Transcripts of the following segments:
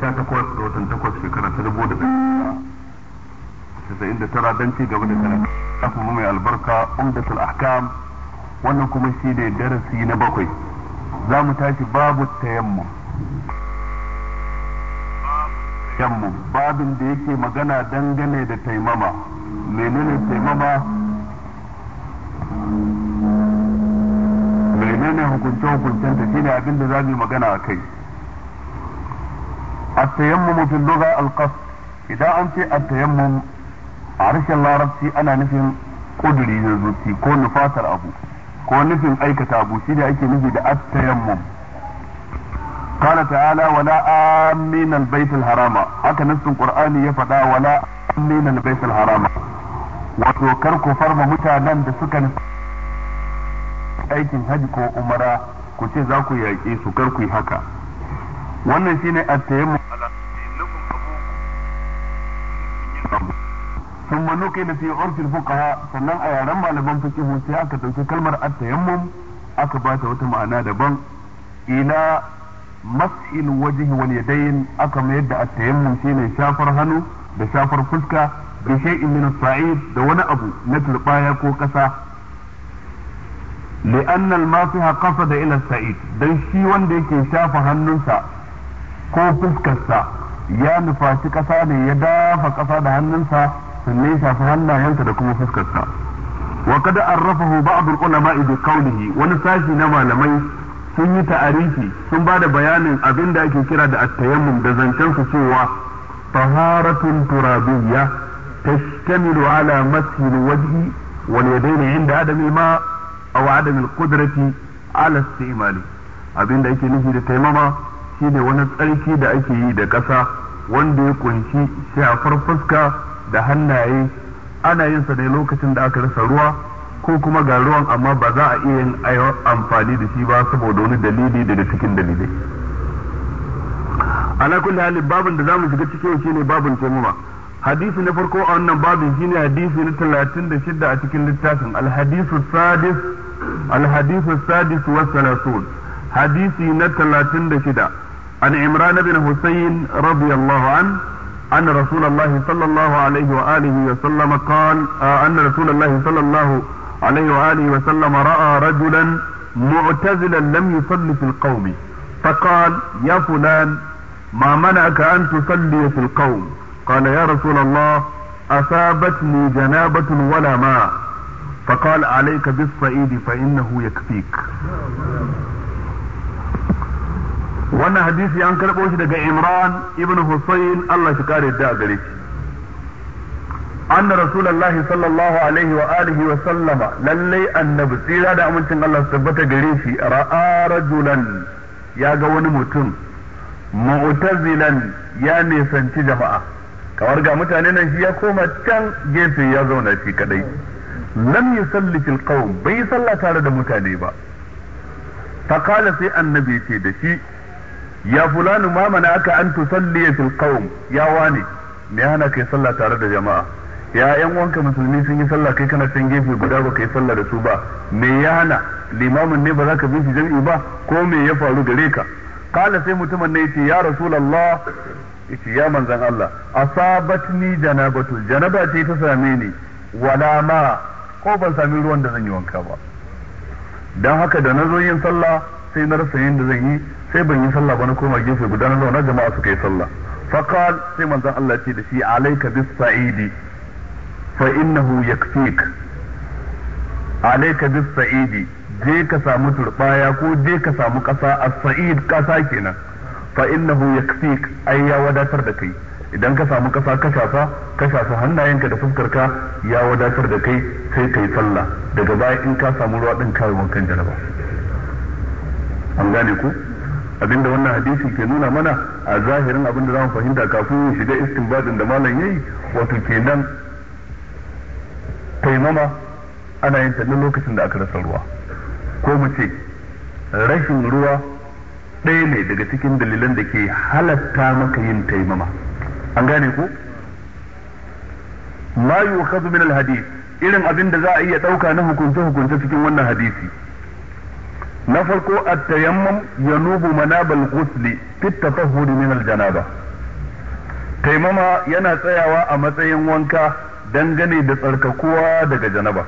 ta takwas da watan takwas shekara ta dubu da tasa'in da tara don ci gaba da karatu mu mai albarka umdatul ahkam wannan kuma shi ne darasi na bakwai za mu tashi babu tayammum tayammum babin da yake magana dangane da taimama menene taimama menene hukunce hukuncen ta ne abin da za mu yi magana a kai at-tayammum fil lugha al-qasd idan an ce at-tayammum a harshen larabci ana nufin kuduri na zuci ko nufatar abu ko nufin aikata abu shi ake nufi da at-tayammum قال تعالى ولا آمين البيت الحرام haka nassin qur'ani ya faɗa wala آمين البيت الحرام wato kar ku farma mutanen da suka aikin hajji ko umara ku ce za ku yaƙe su kar ku yi haka wannan shine at-tayammum ala nufin abu ثم نقل في عرف الفقهاء sannan a yaren malaman fikihu sai aka dauki kalmar at-tayammum aka bata wata ma'ana daban ila mas'il wajhi wal yadayn aka mayar da at-tayammum shine shafar hannu da shafar fuska da shay'in min said da wani abu na turbaya ko kasa mafiha الماسح da ila sa'id dan shi wanda yake shafa hannunsa ko fuskarsa ya nufaci ƙasa ne ya dafa ƙasa da hannunsa sannan ya shafi hannayensa da kuma fuskarsa wa kada arrafahu ba'd ulama bi qawlihi wani sashi na malamai sun yi ta'arifi sun ba da bayanin abin da ake kira da at da zancen su cewa taharatun turabiyya tashtamilu ala mashi al-wajhi wal yadayni inda adami ma aw adami al-qudrati ala istimali abin da ake nufi da taimama. shi ne wani tsarki da ake yi da ƙasa wanda ya kunshi shafar fuska da hannaye ana yin sa ne lokacin da aka rasa ruwa ko kuma ga ruwan amma ba za a iya yin amfani da shi ba saboda wani dalili daga cikin dalilai ala kulli halin babin da zamu shiga cikin ne babin taimama hadisi na farko a wannan babin shine hadisi na talatin da shida a cikin littafin alhadisu sadis al-hadisu sadis wa hadisi na shida عن عمران بن حسين رضي الله عنه أن رسول الله صلى الله عليه وآله وسلم قال آه، أن رسول الله صلى الله عليه وآله وسلم رأى رجلا معتزلا لم يصلي في القوم فقال يا فلان ما منعك أن تصلي في القوم قال يا رسول الله أصابتني جنابة ولا ماء فقال عليك بالصعيد فإنه يكفيك wannan hadisi an karɓo shi daga Imran ibn Husayn Allah shi kare da gare shi anna rasulullahi sallallahu alaihi wa alihi wa sallama lallai annabi tsira da amincin Allah su tabbata gare shi ra'a rajulan ya ga wani mutum mu'tazilan ya nisanci jama'a kamar ga mutane nan shi ya koma can gefe ya zauna shi kadai lam yusalli fil qawm bai salla tare da mutane ba faqala sai annabi ce da shi ya fulanu ma mana aka an tusalli fil qaum ya wani me hana kai sallah tare da jama'a ya yan wanka musulmi sun yi sallah kai kana can gefe guda ba kai sallah da su ba me ya hana limamin ne ba za ka bi shi jami'i ba ko me ya faru gare ka kala sai mutumin ne ya rasu yace ya manzan Allah asabatni janabatu janaba ce ta same ni wala ma ko ban sami ruwan da zan yi wanka ba dan haka da na zo yin sallah sai na rasa yin da zan yi sai ban yi sallah ba na koma gefe guda na zauna jama'a suka yi sallah faqal sai manzon Allah ce da shi alayka bis sa'idi fa innahu yakfik alayka bis sa'idi je ka samu turbaya ko je ka samu kasa as-sa'id kasa kenan fa innahu yakfik ai ya wadatar da kai idan ka samu kasa ka shafa ka shafa hannayenka da fuskarka ya wadatar da kai sai kai sallah daga baya in ka samu ruwa din kai wankan jaraba an gane ku abinda wannan hadisi ke nuna mana a zahirin abinda mu fahimta kafin mu shiga istinbadin da malam yayi wato kenan taimama ana yin ta lokacin da aka rasa ruwa ko mu ce rashin ruwa ɗaya ne daga cikin dalilan da ke halatta maka yin taimama an gane ko ma yu'khadhu min al-hadith irin abin da za a iya ɗauka na hukunce hukunce cikin wannan hadisi na farko at ya yanubu manabal ghusli fit tatahhur min al-janaba taimama yana tsayawa a matsayin wanka dangane da tsarkakuwa daga janaba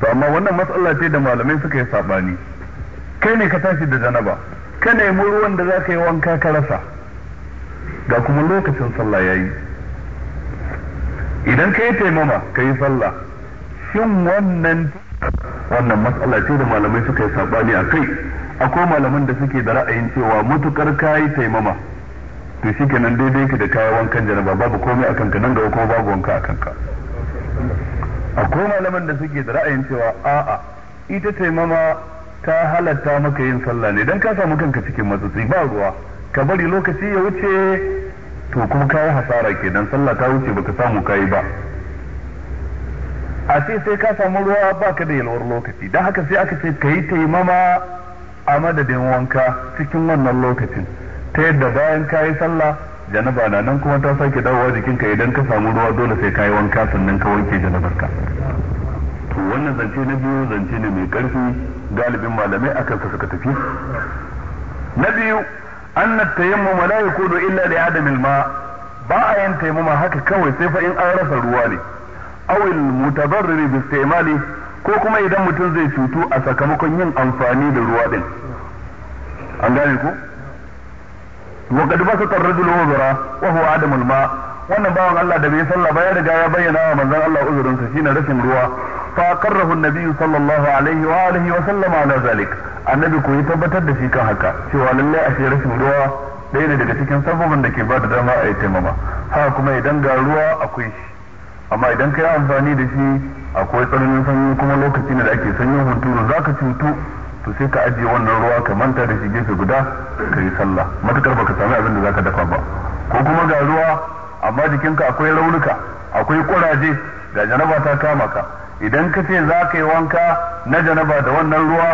to amma wannan matsala ce da malamai suka yi sabani kai ne ka tashi da janaba ka nemi ruwan da za ka yi wanka ka rasa ga kuma lokacin sallah yayi idan ka yi taimama ka sallah shin wannan wannan matsala ce da malamai suka yi sabani a kai akwai malaman da suke da ra'ayin cewa matukar kayi taimama to shi kenan daidai ka da kayan wankan janaba babu komai a kanka nan gaba kuma babu wanka a kanka akwai malaman da suke da ra'ayin cewa a'a ita taimama ta halatta maka yin sallah ne dan ka samu kanka cikin matsatsi ba ruwa ka bari lokaci ya wuce to kuma kayi hasara kenan sallah ta wuce baka samu kayi ba a ce sai ka samu ruwa ba ka da yalwar lokaci don haka sai aka ce ka yi taimama a madadin wanka cikin wannan lokacin ta yadda bayan ka yi sallah janaba na nan kuma ta sake dawowa jikinka idan ka samu ruwa dole sai ka yi wanka sannan ka wanke ka to wannan zance na biyu zance ne mai karfi galibin malamai akan ka suka tafi na biyu An أن التيمم لا illa da لعدم ma. ba a yin taimama haka kawai sai fa in an rasa ruwa ne awil mutabarriri bi istimali ko kuma idan mutum zai cutu a sakamakon yin amfani da ruwa din an gane ku wa kad basata ar-rajul uzra wa huwa adam al-ma wannan bawan Allah da bai sallah ba ya riga ya bayyana wa manzon Allah uzurin sa shine rashin ruwa fa qarrahu an-nabi sallallahu alaihi wa alihi wa sallama ala zalik annabi ko ya tabbatar da shi kan haka cewa lallai a rashin ruwa ɗaya ne daga cikin sabobin da ke bada da dama a yi taimama haka kuma idan ga ruwa akwai shi amma idan ka yi amfani da shi akwai tsananin sanyi kuma lokaci ne da ake sanyin hunturu za ka cutu to sai ka ajiye wannan ruwa ka manta da shi gefe guda ka yi sallah matukar baka sami abin da za ka dafa ba ko kuma ga ruwa amma jikinka akwai raunuka akwai kuraje ga janaba ta kama ka idan ka ce za ka yi wanka na janaba da wannan ruwa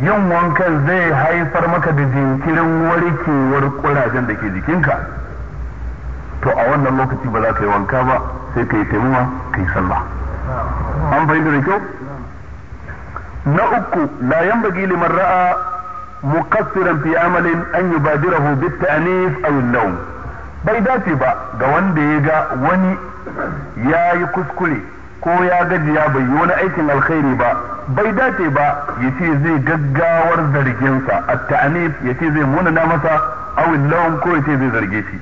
yin wankan zai haifar maka da jinkirin warkewar kurajen da ke jikinka to a wannan lokaci ba za ka yi wanka ba sai ka yi taimuwa ka yi sallah an fahimtar da kyau na uku la bagi liman ra'a mukassiran fi amalin an bi bit ta'nif aw an bai dace ba ga wanda ya ga wani ya yi kuskure ko ya gajiya bai yi wani aikin alkhairi ba bai dace ba ya ce zai gaggawar zarginsa at ya ce zai munana masa aw an ko ya ce zai zarge shi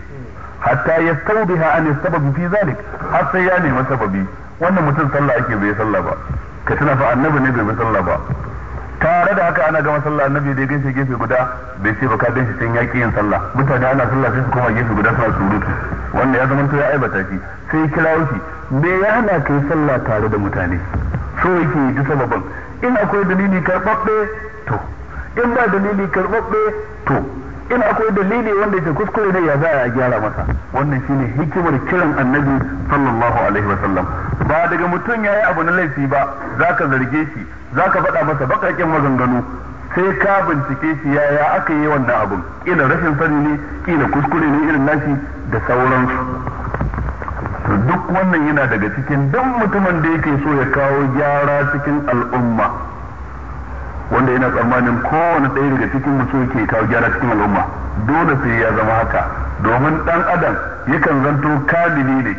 hatta yastawdiha an sababi fi zalik har sai ya nemi sababi wannan mutum sallah ake bai sallah ba ka tuna fa annabi ne bai bi sallah ba tare da haka ana gama sallah annabi da gaishe gefe guda bai ce ba ka gaishe ya yaƙi yin sallah mutane ana sallah sai su koma gefe guda suna surutu wanda ya zama to ya aibata shi sai ya kira shi me ya hana kai sallah tare da mutane so yake yi sababin in akwai dalili karɓaɓɓe to in ba dalili karɓaɓɓe to in akwai dalili wanda ke kuskure ne ya za a gyara masa wannan shine hikimar kiran annabi sallallahu alaihi wasallam ba daga mutum ya yi abu na laifi ba za ka zarge shi za ka faɗa masa baƙaƙen maganganu sai ka bincike shi yaya aka yi wannan abun kila rashin sani ne kila kuskure ne irin nashi da sauransu duk wannan yana daga cikin duk mutumin da yake so ya kawo gyara cikin al'umma wanda yana tsammanin kowane ɗaya daga cikin mutum ke kawo gyara cikin al'umma dole sai ya zama haka domin ɗan adam yakan zanto kamili ne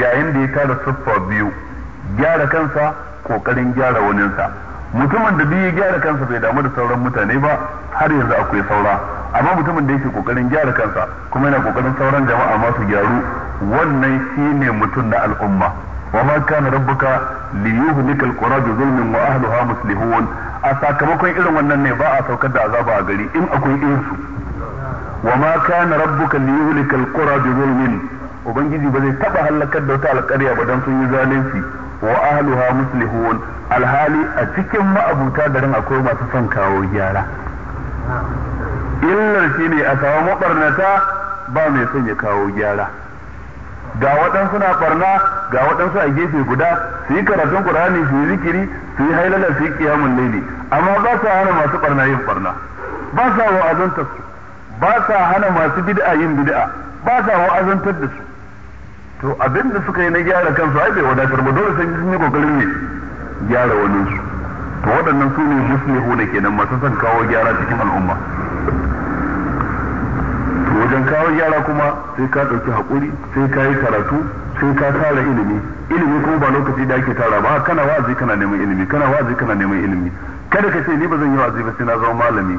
yayin da ya tara siffa biyu gyara kansa ƙoƙarin gyara waninsa mutumin da biyu gyara kansa bai damu da sauran mutane ba har yanzu akwai saura amma mutumin da yake kokarin gyara kansa kuma yana kokarin sauran jama'a masu gyaru wannan shine mutum na al'umma وما كان ربك ليهلك القرى بظلم واهلها مصلحون a sakamakon irin wannan ne ba a saukar da azaba a gari in akwai insu wa ma kana rabbuka liyulika alqura bi zulmin ubangiji ba zai taba halakar da wata alƙarya ba dan sun yi zalunci wa ahluha muslihun alhali a cikin ma'abuta garin akwai masu son kawo gyara illar shine a samu mabarnata ba mai son ya kawo gyara ga waɗansu na farna ga waɗansu a gefe guda su yi karatun ƙur'ani su yi zikiri su yi hailala su yi ƙiyamun laili amma ba sa hana masu farna yin farna ba sa wa'azantar su ba sa hana masu bid'a yin bid'a ba sa wa'azantar da su to abin da suka yi na gyara kansu ai bai wadatar ba dole sai sun yi kokarin ne gyara wani su to waɗannan su ne muslihu da kenan masu son kawo gyara cikin al'umma wajen kawo yara kuma sai ka ɗauki haƙuri sai ka yi karatu sai ka tara ilimi ilimi kuma ba lokaci da ake tara ba kana wa'azi kana neman ilimi kana wa'azi kana neman ilimi kada ka ce ni ba zan yi wa'azi ba sai na zama malami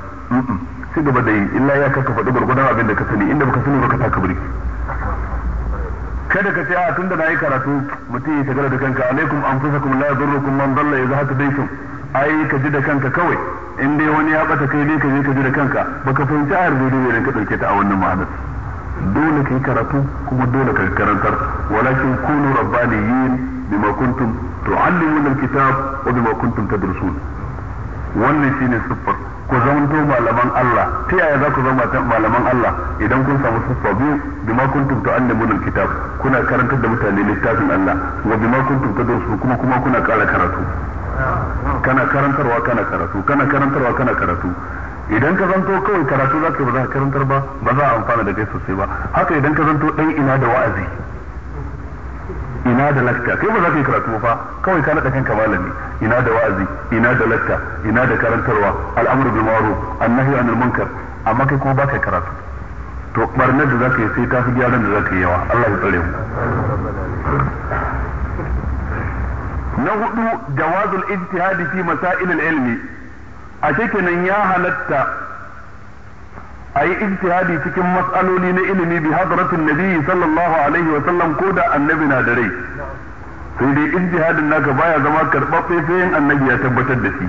sai gaba da yi illa ya ka faɗi gwargwadon abin da ka sani inda baka sani baka taka biri kada ka ce a tunda na yi karatu mutum ya shagala da kanka alaikum anfusakum la yadurrukum man dalla dai hatadaytum ai ka ji da kanka kawai in dai wani ya bata kai ne ka je ka ji da kanka baka fahimci ayar gobe ne ka dauke ta a wannan ma'anar dole kai karatu kuma dole ka karantar walakin kunu rabbaniyin bima kuntum tu'allimuna alkitab wa bima kuntum tadrusun wannan shine siffar ku zamanto malaman Allah ta yaya za ku zama malaman Allah idan kun samu siffa biyu bima kuntum tu'allimuna alkitab kuna karantar da mutane littafin Allah wa bima kuntum tadrusun kuma kuma kuna kara karatu kana karantarwa kana karatu kana karantarwa kana karatu idan ka zanto kawai karatu za ka ba za ka karantar ba ba za a amfana da kai sosai ba haka idan ka zanto ɗan ina da wa'azi ina da lakta kai ba za ka yi karatu fa kawai ka naɗa kanka malami ina da wa'azi ina da lakta ina da karantarwa al'amuru bil ma'ruf annahi anil munkar amma kai kuma baka karatu to barnar da za ka yi sai ta fi gyaran da za ka yi yawa Allah ya tsare mu na hudu jawazul ijtihadi fi masail ilmi a kenan ya halatta a yi ijtihadi cikin mas'aloli na ilimi bi hadratin nabiyyi sallallahu alaihi wa sallam ko da annabi na da rai sai dai ijtihadin naka baya zama karɓaɓɓe sai yin annabi ya tabbatar da shi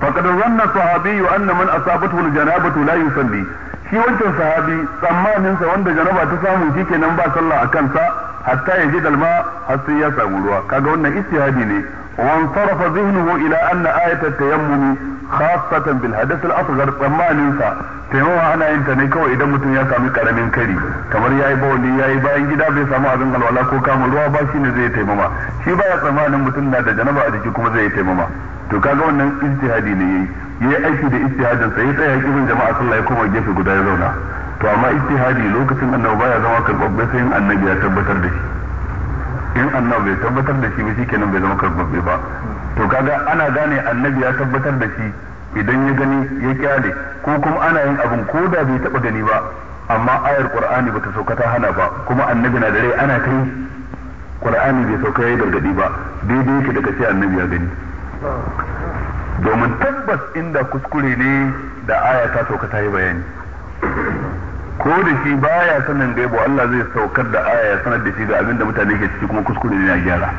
faqad zanna sahabiyyu anna man asabatu janabatu la yusalli shi wancan sahabi tsammanin sa wanda janaba ta samu shikenan ba sallah akan sa hatta ya ji dalma har sai ya samu ruwa kaga wannan istihadi ne وانصرف ذهنه الى ان آية التيمم خاصة بالحدث الاصغر tsammanin sa taimawa ana yin ta ne kawai idan mutum ya sami karamin kari kamar yayi bawli yayi bayan gida bai samu abin alwala ko kama ruwa ba shi ne zai taimama shi baya tsammanin mutum na da janaba a jiki kuma zai taimama to kaga wannan ijtihadi ne yayi yi aiki da ijtihadin sa ya tsaya kiran jama'a sallah ya koma gefe guda ya zauna to amma ijtihadi lokacin annabi baya zama karbabbe sai annabi ya tabbatar da shi in annabi bai tabbatar da shi ba shikenan bai zama karbabbe ba to kaga ana gane annabi ya tabbatar da shi idan ya gani ya kyale ko kuma ana yin abin ko da bai taba gani ba amma ayar qur'ani bata sauka ta hana ba kuma annabi na da rai ana kai qur'ani bai sauka yayi gargadi ba daidai yake daga sai annabi ya gani domin tabbas inda kuskure ne da aya ta sauka ta yi bayani ko da shi baya sanin gaibo Allah zai saukar da aya ya sanar da shi ga abin da mutane ke ciki kuma kuskure ne ya gyara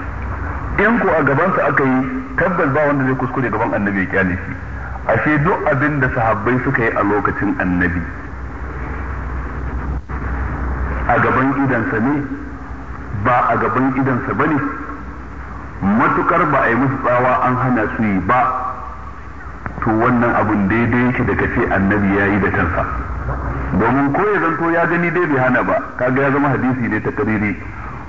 in ko a gabansa aka yi tabbas ba wanda zai kuskure gaban annabi ya kyale shi ashe duk abin da sahabbai suka yi a lokacin annabi a gaban idansa ne ba a gaban idansa ba ne matukar ba a yi musu tsawa an hana su yi ba to wannan abun daidai yake da kace annabi ya yi da kansa domin ko ya zanto ya gani dai bai hana ba kaga ya zama hadisi ne ta kariri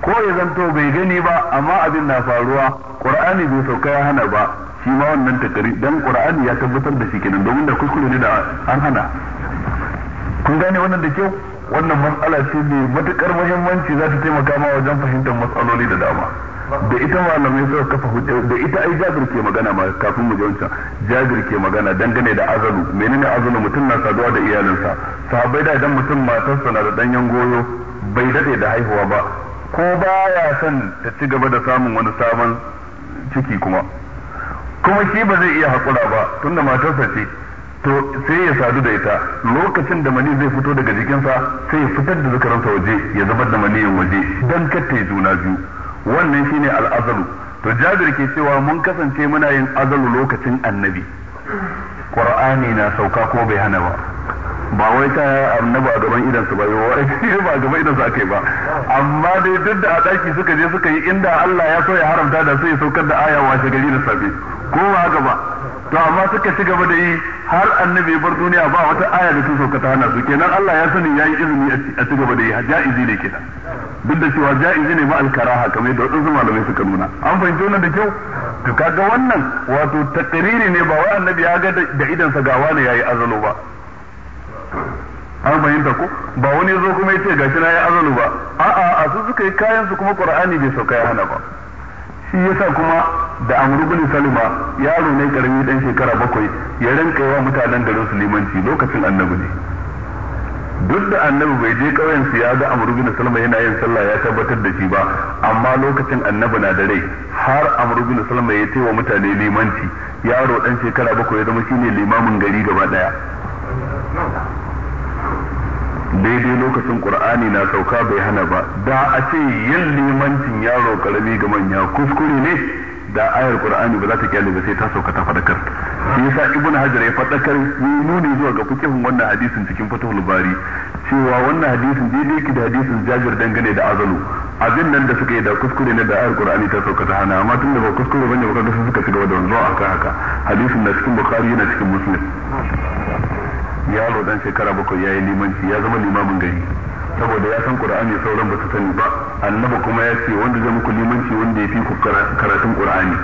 ko ya zanto bai gani ba amma abin na faruwa qur'ani bai sauka ya hana ba shi ma wannan takari dan qur'ani ya tabbatar da shi kenan domin da kuskure ne da an hana kun gane wannan da kyau wannan matsala ce mai matukar muhimmanci za ta taimaka ma wajen fahimtar matsaloli da dama da ita malamai suka kafa hujja da ita ai jabir ke magana ma kafin mu ji wancan jabir ke magana dangane da azalu menene azalu mutum na saduwa da iyalinsa sahabbai da idan mutum matarsa na da danyen goyo bai dade da haihuwa ba ko baya san ta ci gaba da samun wani sabon ciki kuma kuma shi ba zai iya hakura ba tunda matarsa ce to sai ya sadu da ita lokacin da mani zai fito daga jikinsa sai ya fitar da zakarinsa waje ya zubar da maniyin waje don katta juna biyu wannan shine al'azalu to jabir ke cewa mun kasance muna yin azalu lokacin annabi qur'ani na sauka ko bai hana ba ba wai ta annabi a gaban idansu ba wai ba a gaban idansu akai ba amma dai duk da a daki suka je suka yi inda Allah ya so ya haramta da su ya saukar da aya washe gari da safe ko ba haka ba to amma suka ci gaba da yi har annabi bar duniya ba wata aya da su sauka ta hana su kenan Allah ya sani yayi izini a ci gaba da yi ja'izi ne kenan duk da cewa ja'izi ne ba al-karaha kamar da wasu malamai suka nuna an fahimci wannan da kyau to kaga wannan wato takriri ne ba wai annabi ya ga da idan sa gawa ne yayi azalo ba an fahimta ko ba wani zo kuma yace gashi na yayi azalo ba a'a a su suka yi kayan su kuma Qur'ani bai sauka ya hana ba shi yasa kuma da amru bin salima yaro ne karami dan shekara bakwai ya rinka yawa mutanen garin su limanci lokacin annabi ne duk da annabi bai je kauyen su ya ga amru bin salima yana yin sallah ya tabbatar da shi ba amma lokacin annabi na da rai har amru bin salima ya taiwa mutane limanci yaro dan shekara bakwai ya zama shine limamin gari gaba daya daidai lokacin qur'ani na sauka bai hana ba da a ce yin limancin yaro karami ga manya kuskure ne da ayar qur'ani ba za ta kyale ba sai ta sauka ta fadakar shi yasa ibnu hajar ya fadakar nuni zuwa ga fikihun wannan hadisin cikin fatahul bari cewa wannan hadisin daidai ki da hadisin jajir dangane da azalu abin nan da suka yi da kuskure ne da ayar qur'ani ta sauka ta hana amma tun da ba kuskure bane ba kaga suka ci gaba da wanzuwa akan haka hadisin na cikin bukhari yana cikin muslim yaro dan shekara bakwai ya yi limanci ya zama limamin gari saboda ya san qur'ani sauran ba su sani ba annabi kuma ya ce wanda zai muku limanci wanda ya fi ku karatun qur'ani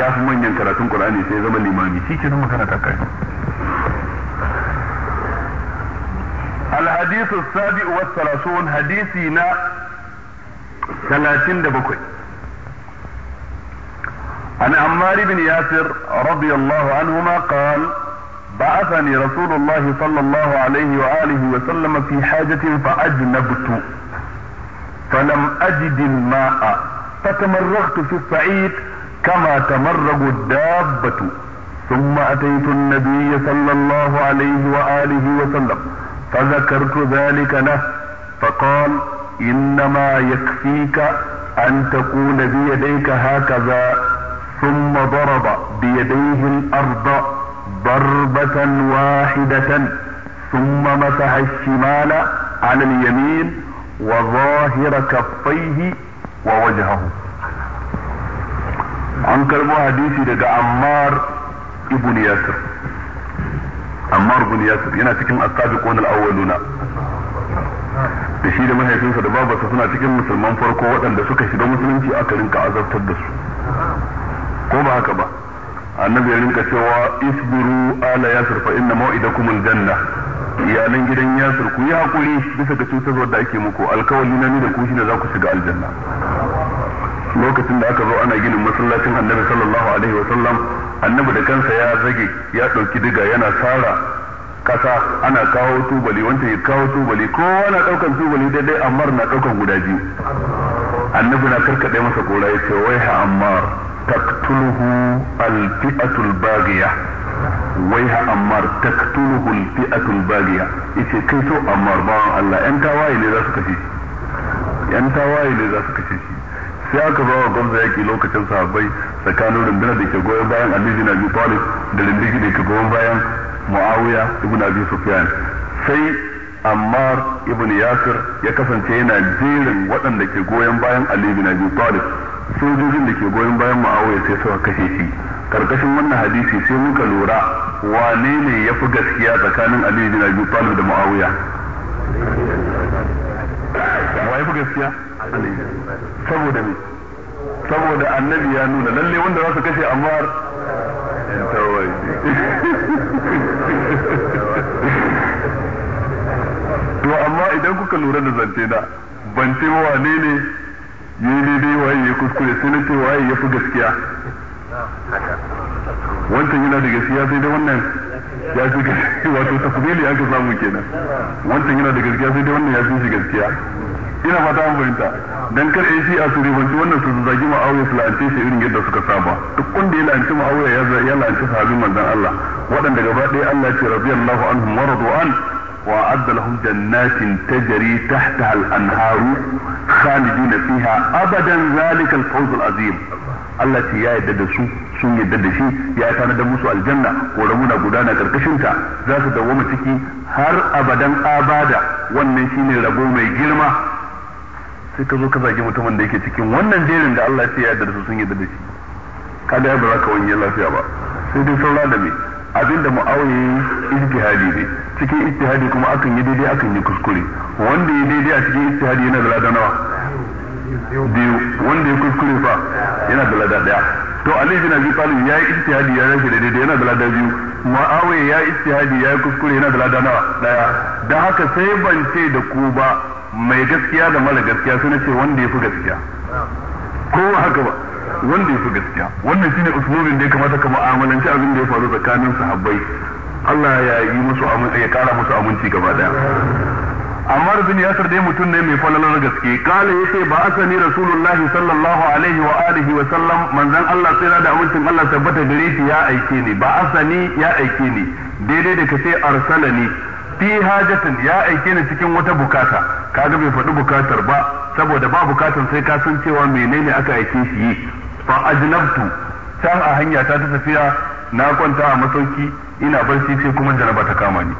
ya fi manyan karatun qur'ani sai ya zama limami shi ke nan magana ta kai الحديث السابع والثلاثون حديثنا ثلاثين دبكوي عن عمار بن ياسر رضي الله عنهما قال بعثني رسول الله صلى الله عليه وآله وسلم في حاجة فأجنبت فلم أجد الماء فتمرغت في الصعيد كما تمرغ الدابة ثم أتيت النبي صلى الله عليه وآله وسلم فذكرت ذلك له فقال إنما يكفيك أن تكون بيديك هكذا ثم ضرب بيديه الأرض ضربة واحدة ثم مسح الشمال على اليمين وظاهر كفيه ووجهه an karbo hadisi daga ammar ibn yasir ammar ibn yasir yana cikin as-sabiqun al-awwaluna da shi da mahaifinsa da babarsa suna cikin musulman farko waɗanda suka shiga musulunci aka rinka azabtar da su ko ba haka ba annabi ya rinka cewa isbiru ala yasir fa inna mawidakum aljanna iyalan gidan yasir ku yi hakuri bisa ga cutarwar da ake muku alkawali na ni da ku shine za ku shiga aljanna lokacin da aka zo ana ginin masallacin annabi sallallahu alaihi wa sallam annabi da kansa ya zage ya dauki diga yana sara kasa ana kawo tubali wancan ya kawo tubali kowa na daukan tubali daidai amma na daukan guda annabi na karkade masa kora ya ce wai ha ammar تقتله الفئة الباغية ويها أمار تقتله الفئة الباغية إيش كيسو أمار باع الله أنت واي لذا سكشي أنت واي لذا سكشي sai aka bawa gwamza yake lokacin sahabbai tsakanin rundunar da ke goyon bayan Ali bin Abi Talib da rundunar da ke goyon bayan Muawiya ibn Abi Sufyan sai Ammar ibn Yasir ya kasance yana jerin waɗanda ke goyon bayan Ali bin Abi Talib sojojin da ke goyon bayan muawiya sai suka kashe shi karkashin wannan hadisi sai muka lura wane ne ya fi gaskiya tsakanin aliyu bin Abi Talib da Muawiya wa ya fi gaskiya saboda me saboda annabi ya nuna lalle wanda za su kashe Ammar to amma idan kuka lura da zance da ban ce wane ne yi daidai waye ya kuskure sai na ce waye ya fi gaskiya wancan yana da gaskiya sai dai wannan ya fi gaskiya wato tafsili aka samu kenan wancan yana da gaskiya sai dai wannan ya fi gaskiya ina fata an fahimta dan kar a shi a suribanci wannan su zagi ma'awiya su la'ance shi irin yadda suka saba duk wanda ya la'anci ma'awiya ya la'anci sahabin manzan Allah waɗanda gaba ɗaya Allah ce ce Allah anhum wa radu an وأعد لهم جنات تجري تحتها الأنهار خالدين فيها أبدا ذلك الفوز العظيم Allah ce ya yadda da su sun yadda da shi ya tanadar musu aljanna ko ramuna gudana karkashinta za su dawoma ciki har abadan abada wannan shine rabo mai girma sai ka zo ka zagi mutumin da yake cikin wannan jerin da Allah ce ya yadda da su sun yadda da shi kada ya ba za ka wani lafiya ba sai dai saura da me abinda mu'awiyi ijtihadi ne cikin istihadi kuma akan yi daidai akan yi kuskure wanda ya daidai a cikin istihadi yana da lada nawa biyu wanda ya kuskure fa yana da lada daya to Ali bin Abi Talib ya yi istihadi ya rashi daidai yana da lada biyu Muawiya ya yi istihadi ya yi kuskure yana da lada nawa daya dan haka sai ban ce da ku ba mai gaskiya da mara gaskiya sai ce wanda ya fi gaskiya ko haka ba wanda ya fi gaskiya wannan shine usulubin da ya kamata ka mu'amalanci abin da ya faru tsakanin sahabbai Allah ya yi musu aminci ya kara musu aminci gaba daya amma bin Yasir dai mutum ne mai falalar gaske kala yace ba asani Rasulullah sallallahu alaihi wa alihi wa sallam manzon Allah sai da amincin Allah tabbata gare shi ya aike ni ba asani ya aike ni daidai da kace arsalani fi hajatin ya aike ni cikin wata bukata kaga bai faɗi bukatar ba saboda ba bukatar sai ka san cewa menene aka aike shi fa ajnabtu can a hanya ta ta tafiya na kwanta a masauki ina barci sai kuma janaba ta kama ni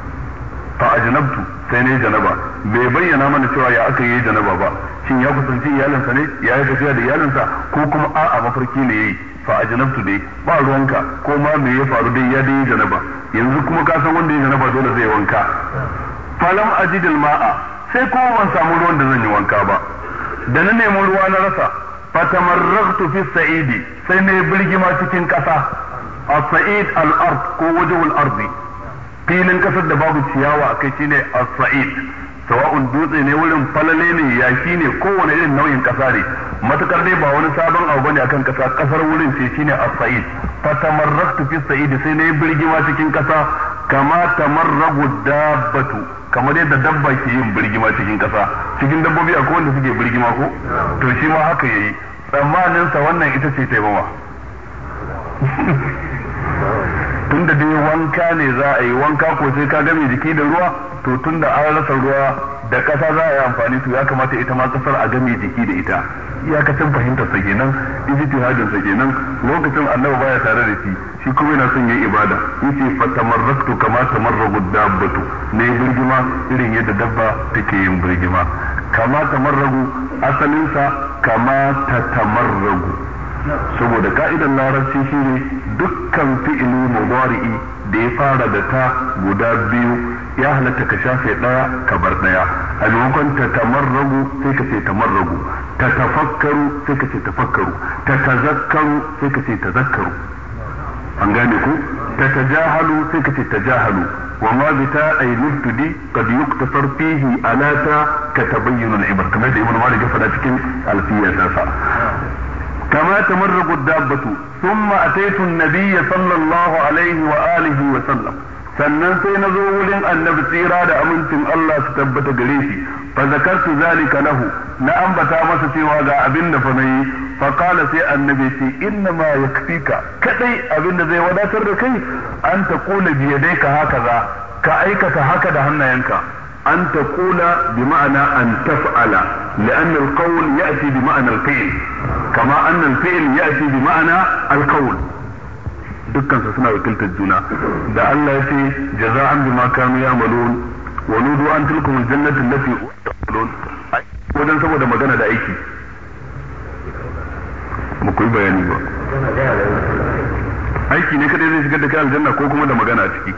fa ajnabtu sai ne janaba bai bayyana mana cewa ya aka yi janaba ba shin ya kusanci iyalinsa ne ya yi tafiya da iyalinsa ko kuma a'a mafarki ne yayi fa ajnabtu dai ba ruwanka ko ma me ya faru dai ya dai janaba yanzu kuma ka san wanda ya janaba dole zai wanka falam ajidil ma'a sai kuma ban samu ruwan da zan yi wanka ba da na nemi ruwa na rasa fatamarraktu fi sa'idi sai na birgima cikin ƙasa as-sa'id al-ard ko wajhul ardi filin kasar da babu ciyawa akai shine as-sa'id sawa'un dutse ne wurin falale ne yashi ne kowane irin nau'in kasa ne matakar dai ba wani sabon abu bane akan kasa kasar wurin ce shine as-sa'id fatamarraktu fi sa'id sai na yi birgima cikin kasa kama tamarragu dabbatu dai da dabba ke yin birgima cikin kasa cikin dabbobi akwai wanda suke birgima ko to shi ma haka yayi tsammanin sa wannan ita ce taimama tunda dai wanka ne za a yi wanka ko sai ka game jiki da ruwa to tunda an rasa ruwa da ƙasa za a yi amfani su ya kamata ita ma kasar a game jiki da ita ya san fahimtar sa kenan ijtihadin sa kenan lokacin annabi baya tare da shi shi kuma yana son yin ibada yace fa tamarraktu kama tamarragu dabbatu ne birgima irin yadda dabba take yin birgima kama tamarragu asalin sa kama ta tamarragu saboda ka'idar larabci shine dukkan fi'ili mudari'i da ya fara da ta guda biyu ya halatta ka shafe daya ka bar daya a lokacin ta tamarragu sai ka ce tamarragu ta tafakkaru sai ka ce tafakkaru ta tazakkaru sai ka ce tazakkaru an gane ku ta tajahalu sai ka ce tajahalu وما بتاء المبتدي قد يقتصر فيه على تا كتبين العبر كما يقول مالك فلا cikin alfiyar nasa. كما تمرق الدابة ثم أتيت النبي صلى الله عليه وآله وسلم sannan sai na zo wurin annabi tsira da amincin Allah su tabbata gare shi fa zakartu zalika lahu na ambata masa cewa ga abin da fa nayi fa qala sai annabi sai inna ma yakfika kadai abin da zai wadatar da kai an taqula bi yadayka hakaza ka aikata haka da hannayenka أن تقول بمعنى أن تفعل لأن القول يأتي بمعنى الفعل كما أن الفعل يأتي بمعنى القول dukkan su suna wakiltar juna da Allah ya ce jaza'an bima kanu ya'malun wa nudu an tilkum aljannatu allati ta'malun wajen saboda magana da aiki mu koyi bayani ba aiki ne kadai zai shigar da kai aljanna ko kuma da magana a ciki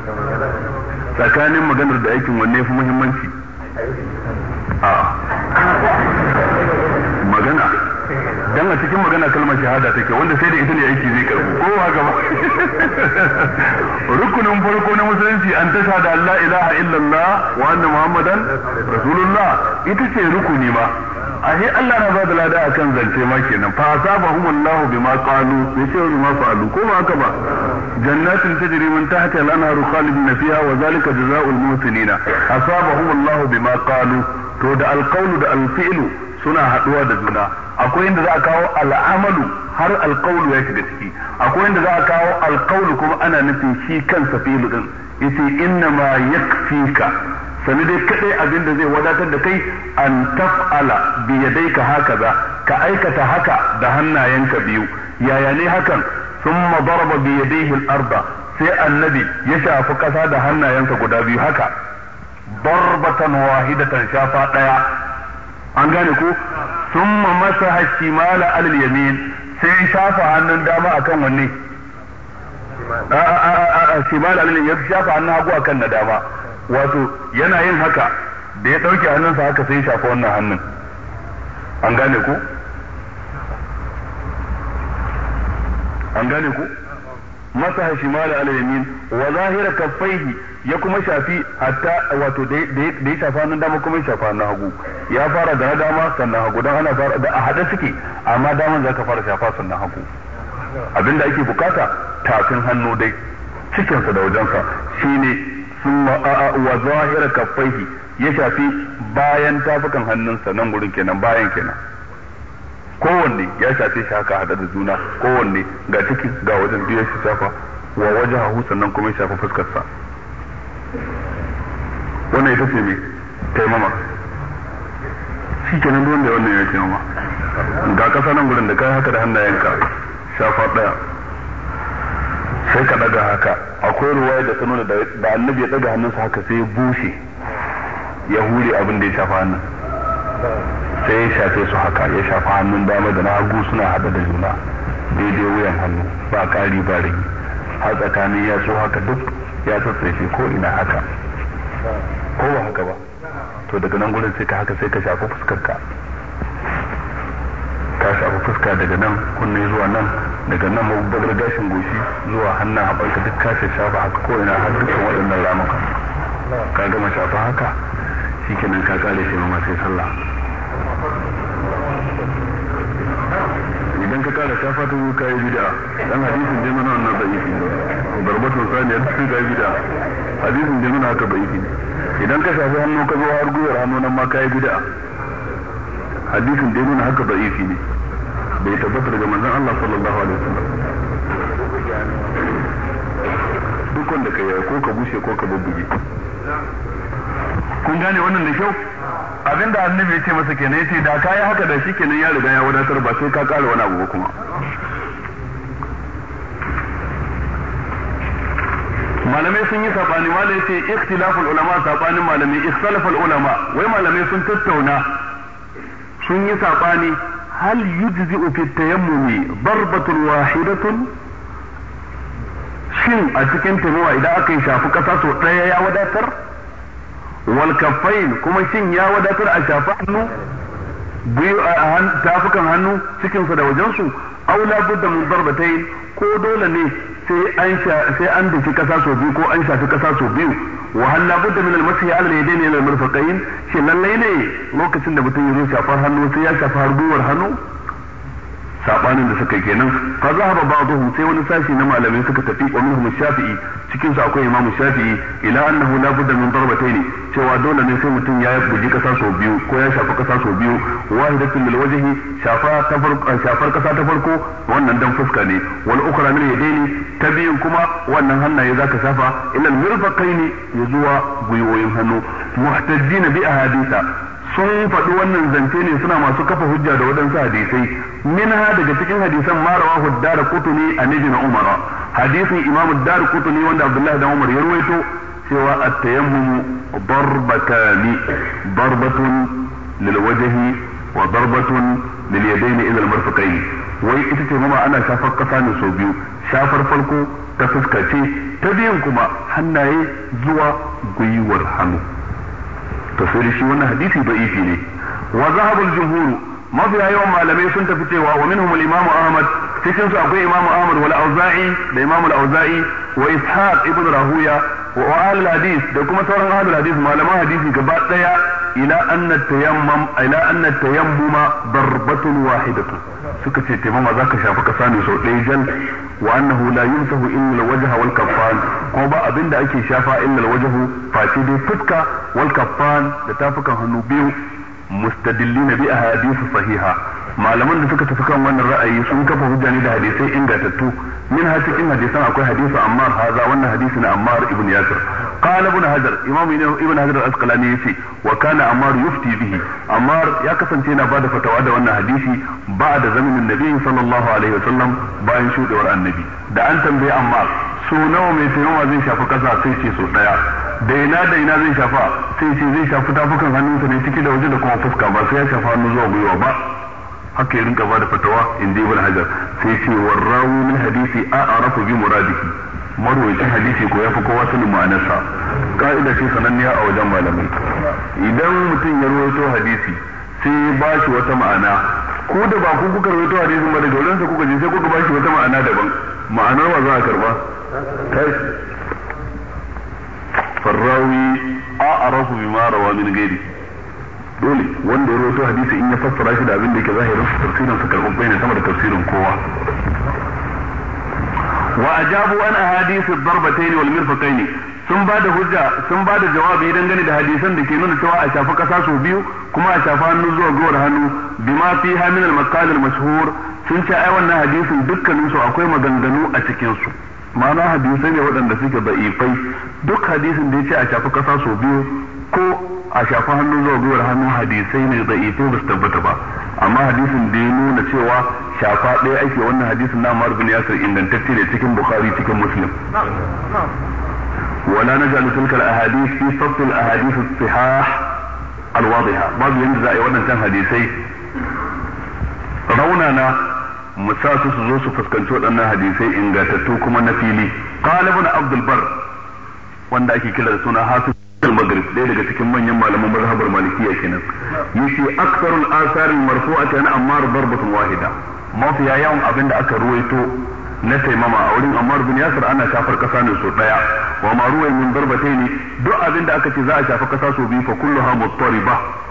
tsakanin maganar da aikin wanne fi muhimmanci a magana dan a cikin magana kalmar shahada take wanda sai da ita ne aiki zai karbu ko haka ba rukunin farko na musulunci an ta da Allah ilaha illallah wa anna muhammadan rasulullah ita ce rukuni ba ashe Allah na bada lada akan zance ma kenan fa asabahum Allah bima qalu bi sai bima fa'alu ko ba haka ba jannatin tajri min tahtiha al-anharu khalidina fiha wa zalika jazaa'ul muhsinin asabahum Allah bima qalu to da alqawlu da alfi'lu suna haduwa da juna akwai inda za a kawo al'amalu har alqawlu ya shiga ciki akwai inda za a kawo alqawlu kuma ana nufin shi kansa fi'lu din ita inna ma yakfika sani dai kaɗai abin da zai wadatar da kai an taf'ala bi yadayka hakaza ka aikata haka da hannayenka biyu yaya ne hakan thumma daraba bi yadayhi al sai annabi ya shafi ƙasa da hannayensa guda biyu haka darbatan wahidatan shafa ɗaya. an gane ko thumma masaha shimala al-yamin sai shafa hannun dama akan wanne a a a shimala al-yamin ya shafa hannun hagu akan na dama wato yana yin haka da ya ɗauke hannunsa haka sai ya shafa wannan hannun an gane ku an gane ku masa ma da alayyamin wa zahira kaffaihi ya kuma shafi hatta wato da ya shafa hannun dama kuma ya shafa hannun hagu ya fara da na dama sannan hagu don ana fara da a hada suke amma daman za ka fara shafa sannan hagu abinda ake bukata tafin hannu dai cikinsa da wajensa shine summa wa zahira kaffaihi ya shafi bayan tafukan hannunsa nan gurin kenan bayan kenan kowanne ya shafe shi haka hada da juna kowanne ga ciki ga wajen biya shi shafa wa wajen hahu sannan kuma ya shafa fuskarsa wannan ita ce mai taimama shi kenan duk wanda wannan ya taimama ga kasa nan gurin da kai haka da hannayenka shafa daya sai ka daga haka akwai ruwaya da ta nuna da annabi ya daga hannunsa haka sai ya bushe ya hure abin da ya shafa hannun sai ya shafe su haka ya shafa hannun dama da na hagu suna hada da juna daidai wuyan hannu ba ƙari ba rai har tsakanin ya so haka duk ya tsatsaye ko ina haka ko ba haka ba to daga nan gurin sai ka haka sai ka shafa fuskarka tashi shafi fuska daga nan kunne zuwa nan daga nan mabubbar gashin goshi zuwa hannun haɓarka duk kashe shafa haka ko ina har dukkan waɗannan ramuka ka gama shafa haka shi kenan ka kare shi ma sai sallah idan ka kara shafa ta zuwa yi bid'a dan hadisin da mana wannan da'ifi darbatun saniyar cikin kayi bid'a hadisin da mana haka fi idan ka shafi hannu ka zo har gwiwar hannu nan ma ka yi bid'a hadisin da mana haka fi ne bai tabbata daga manzon Allah sallallahu alaihi wasallam duk wanda ka yi ko ka bushe ko ka bubbuge kun gane wannan da kyau abinda annabi ya ce masa kenan yace da ka yi haka da shi kenan ya riga ya wadatar ba sai ka kara wani abu kuma malamai sun yi sabani malai ce ikhtilaful ulama sabanin malamai ikhtilaful ulama wai malamai sun tattauna sun yi sabani هل يجزئ في التيمم ضربة واحدة shin a cikin tamuwa idan aka yi shafi ƙasa sau ɗaya ya wadatar walkafain kuma shin ya wadatar a shafi hannu biyu a tafukan hannu cikinsa da wajensu aula budda mun barbatai ko dole ne sai an sai an daki biyu ko an shafi ƙasa sau biyu wa hal la budda min al mashi ala yadayn ila al murfaqayn shi lallai ne lokacin da mutum ya zo shafar hannu sai ya shafar gwiwar hannu sabanin da suka kenan fa zahaba ba'dhum sai wani sashi na malamai suka tafi wa minhum shafi'i cikin su akwai imamu shafi'i ila annahu la budda min ne cewa dole ne sai mutum ya buji kasa sau biyu ko ya shafa kasa sau biyu wahidatun lil wajhi shafa ta farko shafar kasa ta farko wannan dan fuska ne wal ukhra min yadaini ta biyun kuma wannan hannaye zaka shafa ila al mirfaqaini zuwa gwiwoyin hannu muhtajjina bi ahaditha sun faɗi wannan zance ne suna masu kafa hujja da waɗansu hadisai minha daga cikin hadisan ma rawahu da kutuni a ibn umara hadisin imam ad kutuni wanda abdullahi da umar ya ruwaito cewa at-tayammum darbatani darbatun lil wajhi wa darbatun lil yadayn ila al-marfaqayn wai ita ce mama ana shafar kasa ne sau biyu shafar farko ta fuska ce ta biyan kuma hannaye zuwa gwiwar hannu to sai shi wannan hadisi da ne wa zahabul jumhur mafiya yawan malamai sun tafi cewa wa minhum al-imam ahmad cikin su akwai imam ahmad wal auza'i da imam al auza'i wa ishaq ibn rahuya wa ahlul hadis da kuma sauran ahlul hadis malaman hadisi gaba daya ila anna tayammum ila anna tayammuma darbatun wahidatun suka ce taimama zaka shafi kasa ne sau ɗaya jan. wa annahu la yumsahu illa alwajha wal kaffan ko ba abinda ake shafa illa alwajhu face dai fuska wal kaffan da tafukan hannu biyu mustadillina bi ahadith sahiha malaman da suka tafi kan wannan ra'ayi sun kafa hujja ne da hadisai ingantattu min ha cikin hadisan akwai hadisu ammar haza wannan hadisi na ammar ibn yasir qala ibn hajar imam ibn hajar al-asqalani yace wa kana ammar yufti bihi ammar ya kasance yana bada fatawa da wannan hadisi ba da zamanin nabi sallallahu alaihi wasallam bayan shudewar annabi da an tambaye ammar so nawa mai taimama zai shafi kasa sai ce so daya da ina da ina zai shafa sai ce zai shafi tafukan hannunsa ne ciki da waje da kuma fuska ba sai ya shafa hannu zuwa gwiwa ba haka ya rinka ba da fatawa in ji wani hajar sai ce warrawu min hadisi a rafu bi muradiki marwacin hadisi ko ya fi kowa sanin ma'anarsa ka'ida ce sananniya a wajen malamai idan mutum ya rawaito hadisi sai ba shi wata ma'ana ko da ba ku kuka rawaito hadisin ba daga wurinsa kuka je sai kuka ba shi wata ma'ana daban ma'anar wa za a karba tashi farrawi a'rafu bima rawa min ghairi dole wanda ya rawaito hadisi in ya fassara shi da abin da yake zahirin tafsirin sa karɓaɓɓe ne sama da tafsirin kowa wa ajabu an ahadith ad-darbatayn wal mirfaqayn sun ba da hujja sun ba da jawabi dangane da hadisan da ke nuna cewa a shafa kasa sau biyu kuma a shafa hannu zuwa gowar hannu bima fi hamin al-maqal al-mashhur sun ce ai wannan hadisin dukkanin su akwai maganganu a cikin su ma'ana hadisai ne waɗanda suke da'ifai duk hadisin da ya ce a shafi ƙasa sau biyu ko a shafi hannun zuwa gwiwar hannun hadisai ne da'ifai ba su tabbata ba amma hadisin da ya nuna cewa shafa ɗaya ake wannan hadisin na Umar bin Yasir ingantacce ne cikin Bukhari cikin Muslim ولا نجعل تلك الاحاديث في صف الاحاديث الصحاح الواضحه بعض ينزع wannan can hadisai raunana mu sa su su zo su fuskanci waɗannan hadisai ingantattu kuma na fili qala ibn abdul bar wanda ake kira da suna hasu al-maghrib ɗaya daga cikin manyan malaman mazhabar malikiya kenan yace aktharul asar marfu'ata an ammar darbatun wahida mafiya yawan abin da aka ruwaito na taimama a wurin ammar bin yasir ana shafar kasa ne so daya wa ma ruwai min darbatai ne duk abin da aka ce za a shafa kasa so biyu fa kulluha muttariba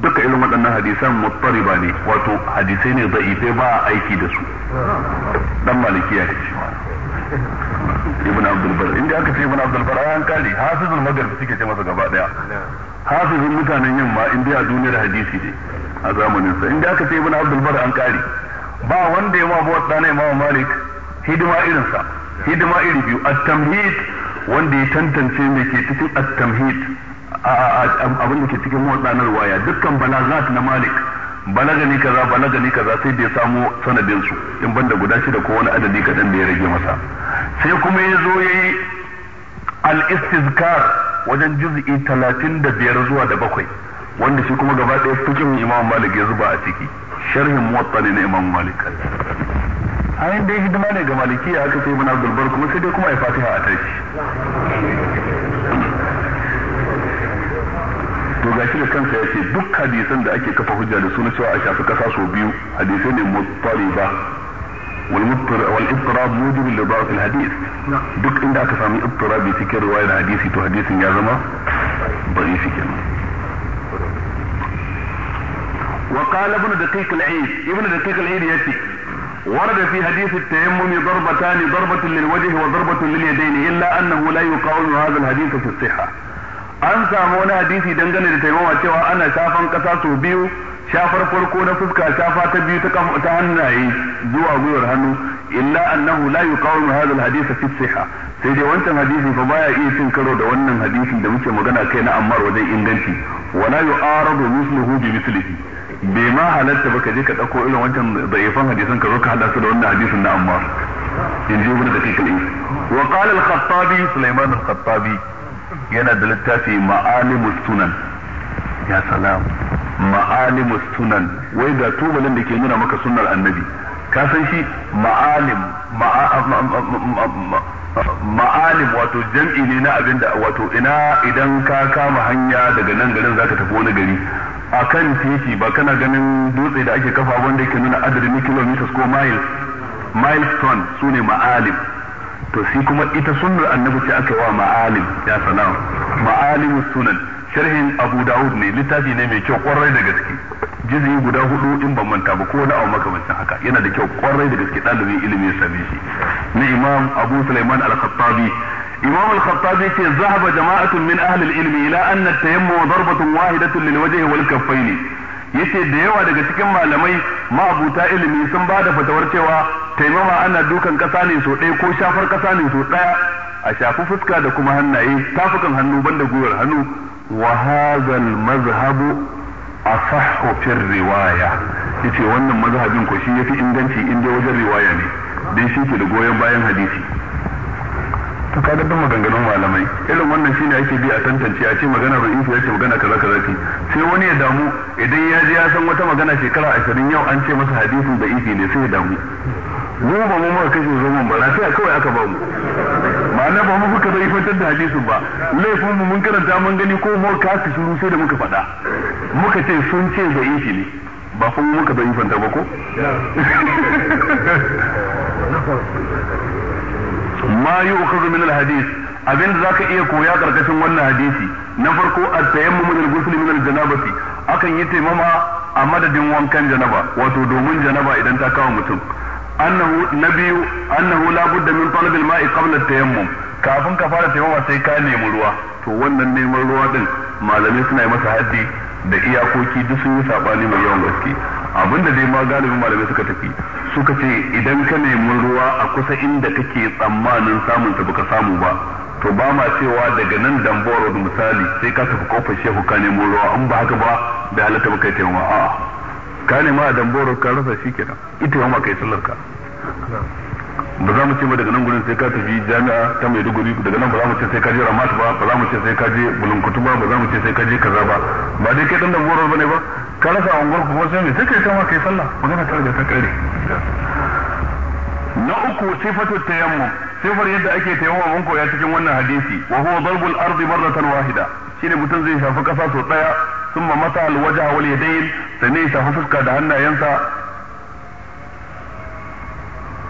duka irin waɗannan hadisan muttariba ne wato hadisai ne da'ifai ba a aiki da su dan malikiya ne ibn abdul bar inda aka ce ibn abdul bar ayan kali hafizul magrib suke ce masa gaba daya hafizul mutanen yamma inda a duniyar hadisi ne a zamanin sa inda aka ce ibn abdul bar an kali ba wanda ya ma wata na imam malik hidima irin sa hidima iri biyu at-tamhid wanda ya tantance mai ke cikin at-tamhid abin da ke cikin motsa na riwaya dukkan balagat na malik balagani kaza balagani kaza sai da ya samo sanadin su in banda guda shida ko wani adadi kaɗan da ya rage masa sai kuma ya zo ya yi al-istizkar wajen juz'i talatin da biyar zuwa da bakwai wanda shi kuma gaba ɗaya fikin imam malik ya zuba a ciki sharhin muwatta ne na imam malik ayin dai hidima ne ga maliki aka sai muna gulbar kuma sai dai kuma ya fatiha a tashi ga shi da kansa ya ce duk hadisan da ake kafa hujja da su na cewa a shafi kasa sau biyu hadisai ne mutariba wal ibtirab muttariba والاضطراب موجب لضعف الحديث duk inda aka samu ibtirabi cikin riwayar hadisi to hadisin ya zama bari shi kenan wa qala ibn daqiq al دقيق ibn daqiq al العيد yace ورد في حديث التيمم ضربتان ضربة للوجه وضربة لليدين إلا أنه لا يقاوم هذا الحديث في الصحة an samu wani hadisi dangane da taimama cewa ana shafan kasa sau biyu shafar farko na fuska shafa ta biyu ta ta hannaye zuwa gwiwar hannu illa annahu la yuqawimu hadha alhadith fi sihha sai dai wancan hadisi fa baya iya cin karo da wannan hadisi da muke magana kai na ammar wajen inganci wala yu'aradu misluhu bi mislihi bai ma halatta ba ka je ka dauko irin wancan da'ifan hadisan ka zo ka hada su da wannan hadisin na ammar in ji ibn dakiq kai is wa qala al-khattabi sulaiman al-khattabi yana da littafi ma'alimus sunan ya salam ma'alimus sunan wai ga tubalin da ke nuna maka sunnar annabi ka san shi ma'alim ma'alim wato jam'i ne na abin da wato ina idan ka kama hanya daga nan garin zaka tafi wani gari a kan titi ba kana ganin dutse da ake kafa wanda ke nuna adadin kilometers ko miles milestone su ne ma'alim to shi kuma ita sunnar annabi sai aka wa ma'alim ya salam ma'alim sunan sharhin abu dawud ne littafi ne mai kyau kwarai da gaske jizgi guda hudu in ban manta ba ko wani abu makamancin haka yana da kyau kwarai da gaske ɗalibin ilimi ya same shi na imam abu sulaiman al-khattabi imam al-khattabi ce zahaba jama'atun min ahli al-ilmi ila anna at-tayammum darbatun wahidatun lil wajhi wal kaffaini yace da yawa daga cikin malamai ma'abuta ilimi sun ba da fatawar cewa taimama ana dukan kasa ne so ɗaya ko shafar kasa ne so ɗaya a shafi fuska da kuma hannaye tafukan hannu banda gwiwar hannu wa hazal mazhabu asahhu fi riwaya yace wannan mazhabin ko shi fi inganci inda wajen riwaya ne dan shi ke da goyon bayan hadisi to kaga duk maganganun malamai irin wannan shine ake bi a tantance a ce magana ba ya ce magana kaza kaza ce sai wani ya damu idan ya ji ya san wata magana shekara ashirin yau an ce masa hadisin da ifi ne sai ya damu mu ba mu muka kashe mun ba sai kawai aka ba mu ma'ana ba mu kuka zai fitar da hadisin ba laifin mu mun karanta mun gani ko mu ka su shiru sai da muka faɗa muka ce sun ce da ifi ne ba kuma muka zai fanta ba ko ma yu'khadhu min al abin da zaka iya koya karkashin wannan hadisi na farko a tayammum min al-ghusl min al-janabati akan yi taimama a madadin wankan janaba wato domin janaba idan ta kawo mutum annahu nabiyu annahu la budda min talab al-ma'i qabla at kafin ka fara taimama sai ka nemi ruwa to wannan neman ruwa din malamai suna yi masa haddi da iyakoki duk sun yi sabani mai yawan gaske abinda dai ma galibin malamai suka tafi suka ce idan ka nemi ruwa a kusa inda kake tsammanin samun ta baka samu ba to ba ma cewa daga nan damboro da misali sai ka tafi kofar shehu ka nemo ruwa in ba haka ba da halatta baka yi a'a ka nema a damboro ka rasa shi kenan ita ma kai sallar ka ba za mu ce ba daga nan gurin sai ka tafi jami'a ta Maiduguri daga nan ba za mu ce sai ka je Ramat ba ba za mu ce sai ka je Bulunkutu ba ba za mu ce sai ka je kaza ba ba dai kai dan da goro bane ba ka rasa unguwar ku sai me sai kai kama kai sallah magana ta riga ta kare na uku sifatu tayammum sifar yadda ake tayammum wanko ya cikin wannan hadisi wa huwa darbul ardi marratan wahida shine mutum zai shafi kasa sau daya sun mata al wajha wal yadayn sannan ya fuska da hannayensa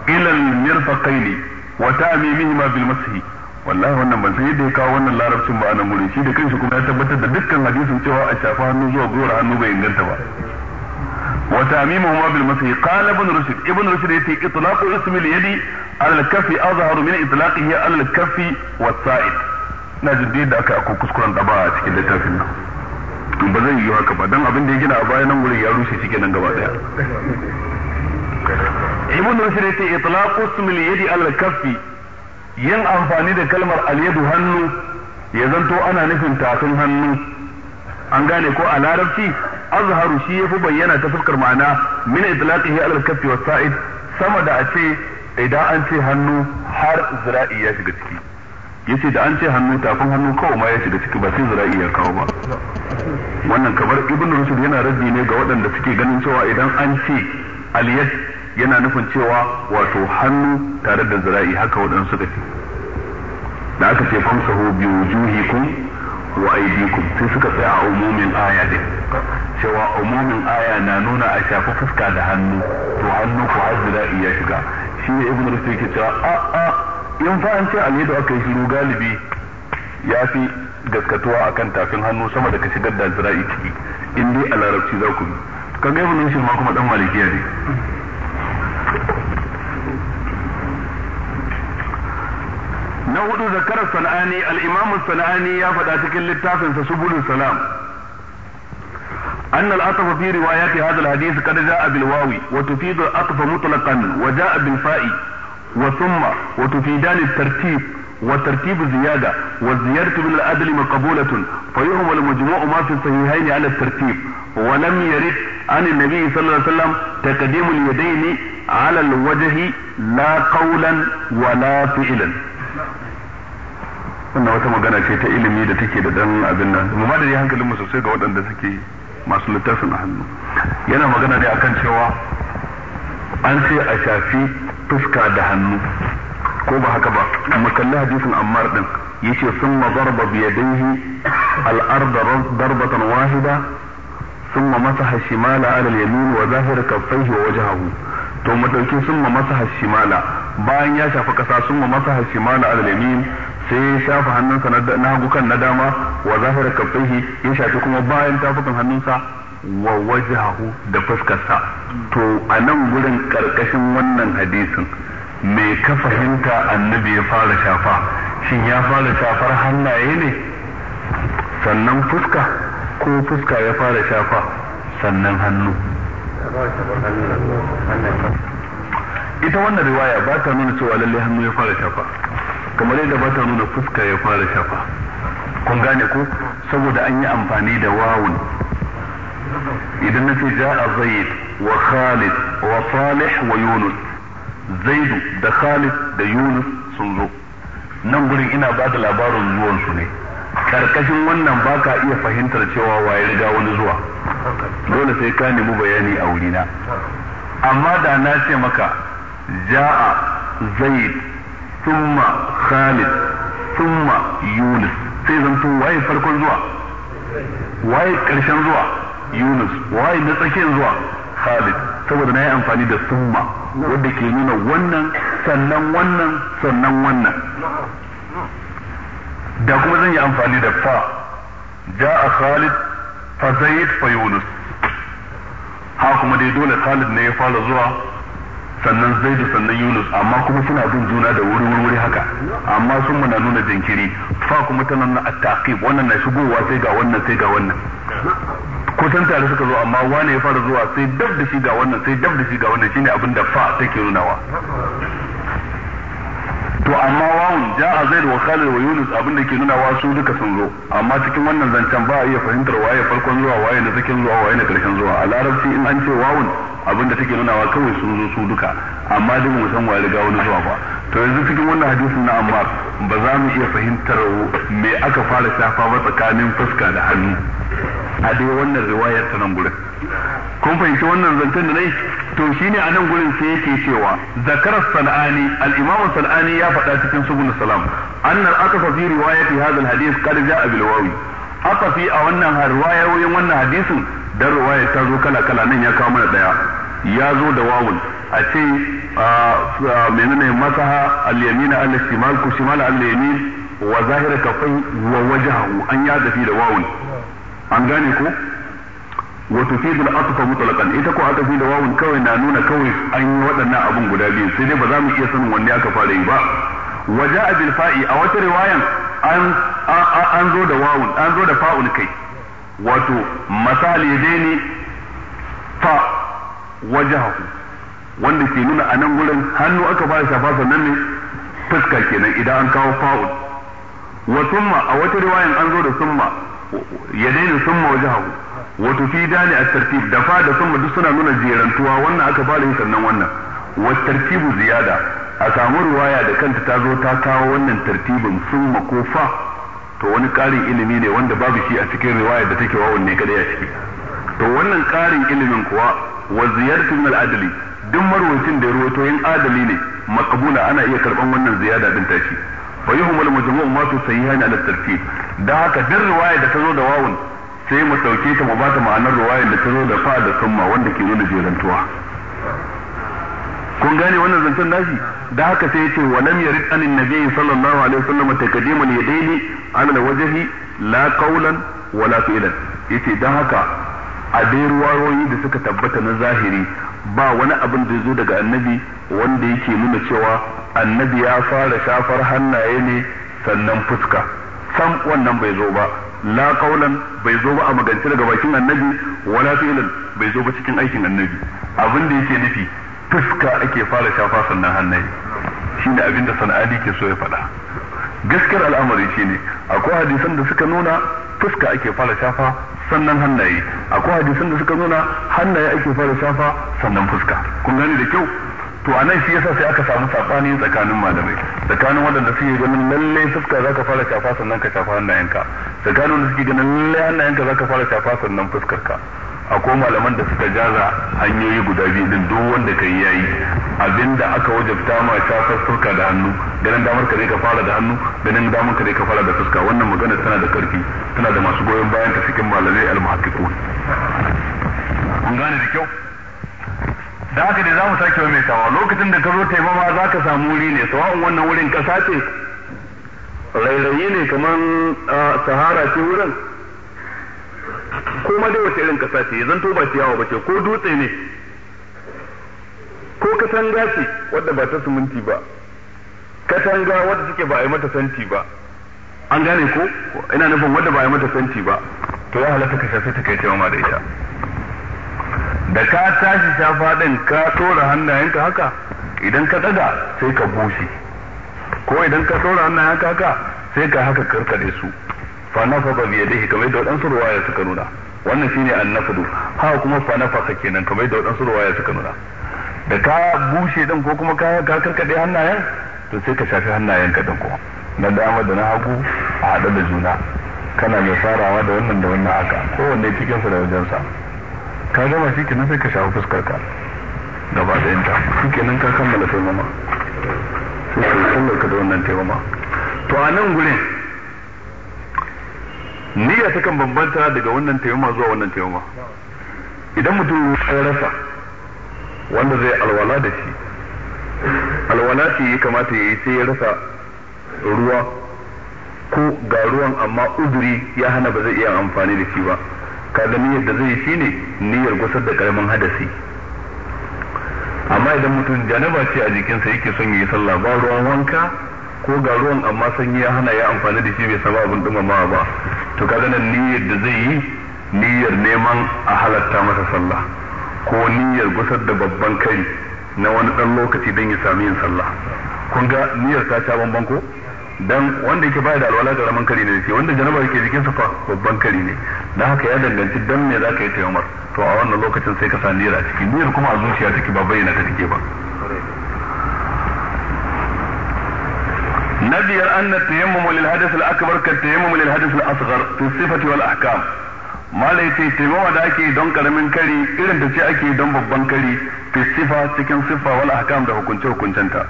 ila al-mirfaqaini wa ta'mimihima bil mashi wannan ban san yadda ya kawo wannan larabcin ba anan gurin shi da kanshi kuma ya tabbatar da dukkan hadisin cewa a shafa hannu zuwa gwiwar hannu bai inganta ba wa ta'mimuhuma bil mashi qala ibn rushd ibn rushd yace itlaqu ismi al-yadi ala al-kaffi azharu min itlaqihi ala al-kaffi was-sa'id na jin da aka ko kuskuren da ba a cikin littafin nan ba zai yi haka ba dan abin da ya gina a bayan nan gurin ya rushe shi nan gaba daya ibn rushd yace itlaqu ismi yadi al kaffi yin amfani da kalmar al yadu hannu ya zanto ana nufin tafin hannu an gane ko a larabci azharu shi yafi bayyana ta fuskar ma'ana min itlaqihi al kaffi wa sa'id sama da a ce idan an ce hannu har zira'i ya shiga ciki yace da an ce hannu tafin hannu kawai ma ya shiga ciki ba sai zira'i ya kawo ba wannan kamar ibn rushd yana raddi ne ga waɗanda suke ganin cewa idan an ce aliyat yana nufin cewa wato hannu tare da zira'i haka waɗansu suka ce da aka ce famsahu bi wujuhikum wa aydikum sai suka tsaya a umumin aya din cewa umumin aya na nuna a shafi fuska da hannu to hannu ko har zira'i ya shiga shi ne ibn rushd ke cewa a a in fa an ce alhidu aka yi shiru galibi ya fi gaskatuwa akan tafin hannu sama da ka shigar da zira'i ciki in dai a larabci za ku bi kaga ibnu rushd ma kuma dan malikiya ne na hudu zakarar sana'ani al'imamun sana'ani ya faɗa cikin littafinsa subulun salam أن الأطف في روايات هذا الحديث قد جاء بالواو وتفيد الأطف مطلقا وجاء بالفاء وثم وتفيدان الترتيب وترتيب زيادة والزيادة من الأدل مقبولة فيهم المجموع ما في الصحيحين على الترتيب ولم يرد عن النبي صلى الله عليه وسلم تقديم اليدين على الوجه لا قولا ولا فعلا wannan wata magana ce ta ilimi da take da dan abin nan mu ma da dai hankalin mu sosai ga waɗanda suke masu littafin a hannu yana magana ne akan cewa an ce a shafi fuska da hannu ko ba haka ba mu kalli hadisin Ammar din yace sun darba bi al-ardh darbatan wahida ثم مسح الشمال على اليمين وظاهر كفيه ووجهه to mu sun summa masa shimala bayan ya shafa kasa sun masaha masa ala yamin sai ya shafa hannunsa na hagu kan na dama wa zahira kaffaihi ya shafi kuma bayan tafukan hannunsa wa wajhahu da fuskarsa to a nan gurin karkashin wannan hadisin me ka fahimta annabi ya fara shafa shin ya fara shafar hannaye ne sannan fuska ko fuska ya fara shafa sannan hannu ita wannan riwaya ba ta nuna cewa lalle hannu ya fara shafa kamar yadda ba ta nuna fuska ya fara shafa kun gane ko saboda an yi amfani da wawun idan na ce a zaid wa khalid wa salih wa yunus zaidu da khalid da yunus sun zo nan gurin ina ba da labarin zuwansu ne karkashin wannan ba ka iya fahimtar cewa waye riga wani zuwa dole sai ka nemi bayani a wurina amma da na ce maka ja'a zaid thumma khalid thumma yunus sai zanto waye farkon zuwa waye karshen zuwa yunus waye na tsakiyar zuwa khalid saboda na yi amfani da summa wanda ke nuna wannan sannan wannan sannan wannan da kuma zan yi amfani da fa ja a Khalid fa zai fa Yunus ha kuma dai dole Khalid ne ya fara zuwa sannan Zaid sannan Yunus amma kuma suna bin juna da wuri wuri haka amma sun muna nuna jinkiri fa kuma tana nan at-taqib wannan na shigowa sai ga wannan sai ga wannan kusan tare suka zo amma wane ya fara zuwa sai dab da shi ga wannan sai dab da shi ga wannan shine abin da fa take nunawa to amma wawun a zai wa khalid wa yunus abinda ke nuna wa su duka sun zo amma cikin wannan zancen ba a iya fahimtar waye farkon zuwa waye na cikin zuwa waye na karshen zuwa a larabci in an ce wawun abinda take nuna wa kawai sun zo su duka amma duk mu san wa riga wani zuwa ba to yanzu cikin wannan hadisin na amma ba za mu iya fahimtar me aka fara shafa ba tsakanin fuska da hannu a dai wannan riwayar ta nan gurin kun fahimci wannan zancen da nai to shine a nan gurin sai yake cewa zakar sanani al-imam sanani ya faɗa cikin subul salam annal akafa fi riwayati hadha al hadith qad ja'a bil wawi fi a wannan riwayoyin wannan hadisin dan riwaya ta zo kala kala nan ya kawo mana daya ya zo da wawun a ce menene masaha al yamina al shimal ku shimal al yamin wa zahira kafin wa wajhahu an ya dafi da wawun an gane ko wato fi al-atfa mutlaqan ita ko aka fi da wawun kawai na nuna kawai an yi waɗannan abun guda biyu sai dai ba za mu iya sanin wanne aka fara yi ba waje bil fa'i a wata riwayan an an zo da wawun an zo da fa'ul kai wato masali ne fa wajahu wanda ke nuna a nan gurin hannu aka fara shafa sannan ne fuska kenan idan an kawo fa'ul wa summa a wata riwayan an zo da summa ya daina summa wajahu wato fi ne a tartib da fa da summa duk suna nuna jerantuwa wannan aka bada yin sannan wannan wa tartibu ziyada a samu ruwaya da kanta ta zo ta kawo wannan tartibin sun ko fa to wani ƙarin ilimi ne wanda babu shi a cikin riwaya da take wawan ne kada ya shi to wannan ƙarin ilimin kuwa wa ziyartu min al duk marwacin da ya ruwato yin adali ne makabula ana iya karban wannan ziyada din tashi fa yuhumul majmu'u ma tu sayyihan ala tartib da haka duk riwaya da ta zo da wawun sai mu ɗauke ta mu ba ta ma'anar ruwayar da ta zo da fa'a da summa wanda ke nuna jerantuwa kun gane wannan zancen nashi da haka sai yace wa lam yarid anin nabi sallallahu alaihi wasallam taqdimul yadaini ala wajhi la qawlan wala fi'lan yace dan haka a dai ruwayoyi da suka tabbata na zahiri ba wani abin da zo daga annabi wanda yake nuna cewa annabi ya fara shafar hannaye ne sannan fuska sam wannan bai zo ba la bai zo ba a magance daga bakin annabi wala fi'lan bai zo ba cikin aikin annabi abin da yake nufi fuska ake fara shafa sannan hannaye shine abin da sana'adi ke so ya faɗa gaskiyar al'amari shine akwai hadisan da suka nuna fuska ake fara shafa sannan hannaye akwai hadisan da suka nuna hannaye ake fara shafa sannan fuska kun gane da kyau to a nan shi yasa sai aka samu sabani tsakanin malamai tsakanin waɗanda suke ganin lalle fuska zaka fara shafa sannan ka shafa hannayenka tsakanin wanda suke ganin lalle hannayenka zaka fara shafa sannan fuskar a akwai malaman da suka jaza hanyoyi guda biyu din duk wanda ka yi yayi abinda aka wajabta ma shafar fuska da hannu ganin damar ka zai ka fara da hannu ganin damar ka zai ka fara da fuska wannan magana tana da karfi tana da masu goyon bayan ta cikin malamai al kun gane da kyau da haka dai za mu sake wa mai tawa lokacin da ka zo taimama za ka samu wuri ne sawa'un wannan wurin ƙasa ce rairayi ne kamar sahara ce wurin ko ma dai wace irin ƙasa ce zan to ba ciyawa ba ce ko dutse ne ko katanga ce wadda ba ta suminti ba katanga wadda suke ba a yi mata santi ba an gane ko ina nufin wadda ba a yi mata santi ba to ya halatta ka shafi ta kai taimama da ita da ka tashi shafa din ka tsora hannayenka haka idan ka daga sai ka bushe ko idan ka tsora hannayenka haka sai ka haka karkade su fa nafada bi dai kamar da wadansu ruwaya suka nuna wannan shine annafadu haka kuma fa nafasa kenan kamar da wadansu ruwaya suka nuna da ka bushe din ko kuma ka ka karkade hannayen to sai ka shafi hannayenka din ko na dama da na hagu a haɗe da juna kana mai farawa da wannan da wannan haka kowanne cikinsa da wajensa ka gama shi kenan sai ka shafa fuskar ka gaba da yanta shi kenan ka kammala taimama sai ka yi sallar ka da wannan taimama to a nan gurin niyya ta kan bambanta daga wannan taimama zuwa wannan taimama idan mutum ya rasa wanda zai alwala da shi alwala ce ya kamata ya yi sai ya rasa ruwa ko ga ruwan amma uzuri ya hana ba zai iya amfani da shi ba kaga niyyar da zai shi ne niyyar gusar da karamin hadasi amma idan mutum janaba ce a jikinsa yake son yi sallah ba ruwan wanka ko ga ruwan amma sanyi ya hana ya amfani da shi bai saba abin dumamawa ba to kaga nan niyyar da zai yi niyyar neman a halatta masa sallah ko niyyar gusar da babban kai na wani dan lokaci don ya sami yin sallah kun ga niyyar ta sha bamban ko dan wanda yake baya da alwala karamin kari ne shi wanda janaba yake jikin sa fa babban kari ne dan haka ya danganci dan me zaka yi tayammar to a wannan lokacin sai ka sa nira ciki niyyar kuma a zuciya take ba bayyana ta take ba na biyar an na lil hadith al akbar ka tayammumu lil hadith al asghar fi sifati wal ahkam malai ce taimawa da ake don karamin kari irin ta ce ake don babban kari fi sifa cikin sifa wal ahkam da hukunce hukuncenta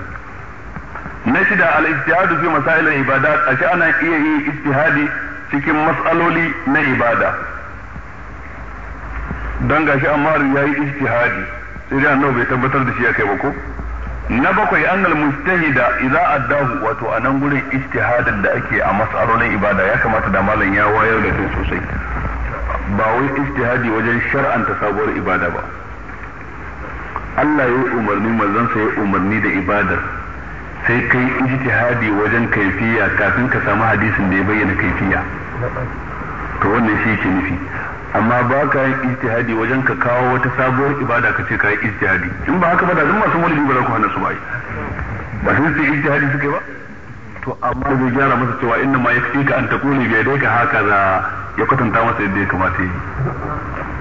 na shida al ijtihadu fi masail al ibadat ashe ana iya yin ijtihadi cikin mas'aloli na ibada dan gashi Ammar yayi ijtihadi sai dai annabi bai tabbatar da shi kai ba ko na bakwai annal mujtahida idza addahu wato a nan gurin ijtihadin da ake a mas'alolin ibada ya kamata da malam ya wayar da kai sosai ba wai ijtihadi wajen shar'anta sabuwar ibada ba Allah ya yi umarni manzansa ya umarni da ibadar sai kai ijtihadi wajen kaifiya kafin ka samu hadisin da ya bayyana kaifiya to wannan shi ke nufi amma ba ka yin ijtihadi wajen ka kawo wata sabuwar ibada ka ce ka yi ijtihadi in ba haka ba da zan masu wani ba za ku hana su ba yi ba sun ce ijtihadi suke ba to amma zai gyara masa cewa inna ma ka an taqulu bi yadayka za ya kwatanta masa yadda ya kamata yi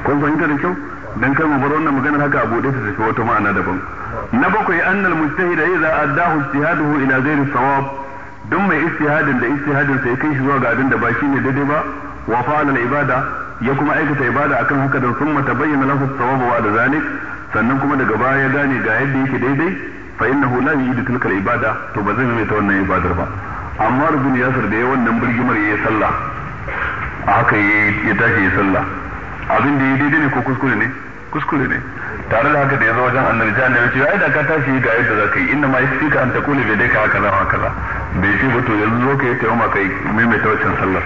kun fahimta da kyau dan kai mu bar wannan maganar haka abu da ta tafi wata ma'ana daban na bakwai annal mujtahid idza addahu ijtihaduhu ila ghairi sawab don mai ijtihadin da ijtihadin sai kai shi zuwa ga abin da ba shine daidai ba wa fa'ala al ibada ya kuma aikata ibada akan haka dan sun tabayyana bayyana as-sawab wa da zalik sannan kuma daga baya ya gane ga yadda yake daidai fa innahu la yujidu tilka al ibada to ba zai mai ta wannan ibadar ba amma rubun yasir da ya wannan birgimar yi sallah haka ya tashi ya sallah abin da ya daidai ne ko kuskure ne kuskure ne tare da haka da ya zo wajen annabi sai annabi ce ai da ka tashi ga yadda ka yi inna ma yasfika an taqulu bi dai ka haka za haka za bai ce ba to yanzu zo ka yi taimaka kai mai mai tawacin sallar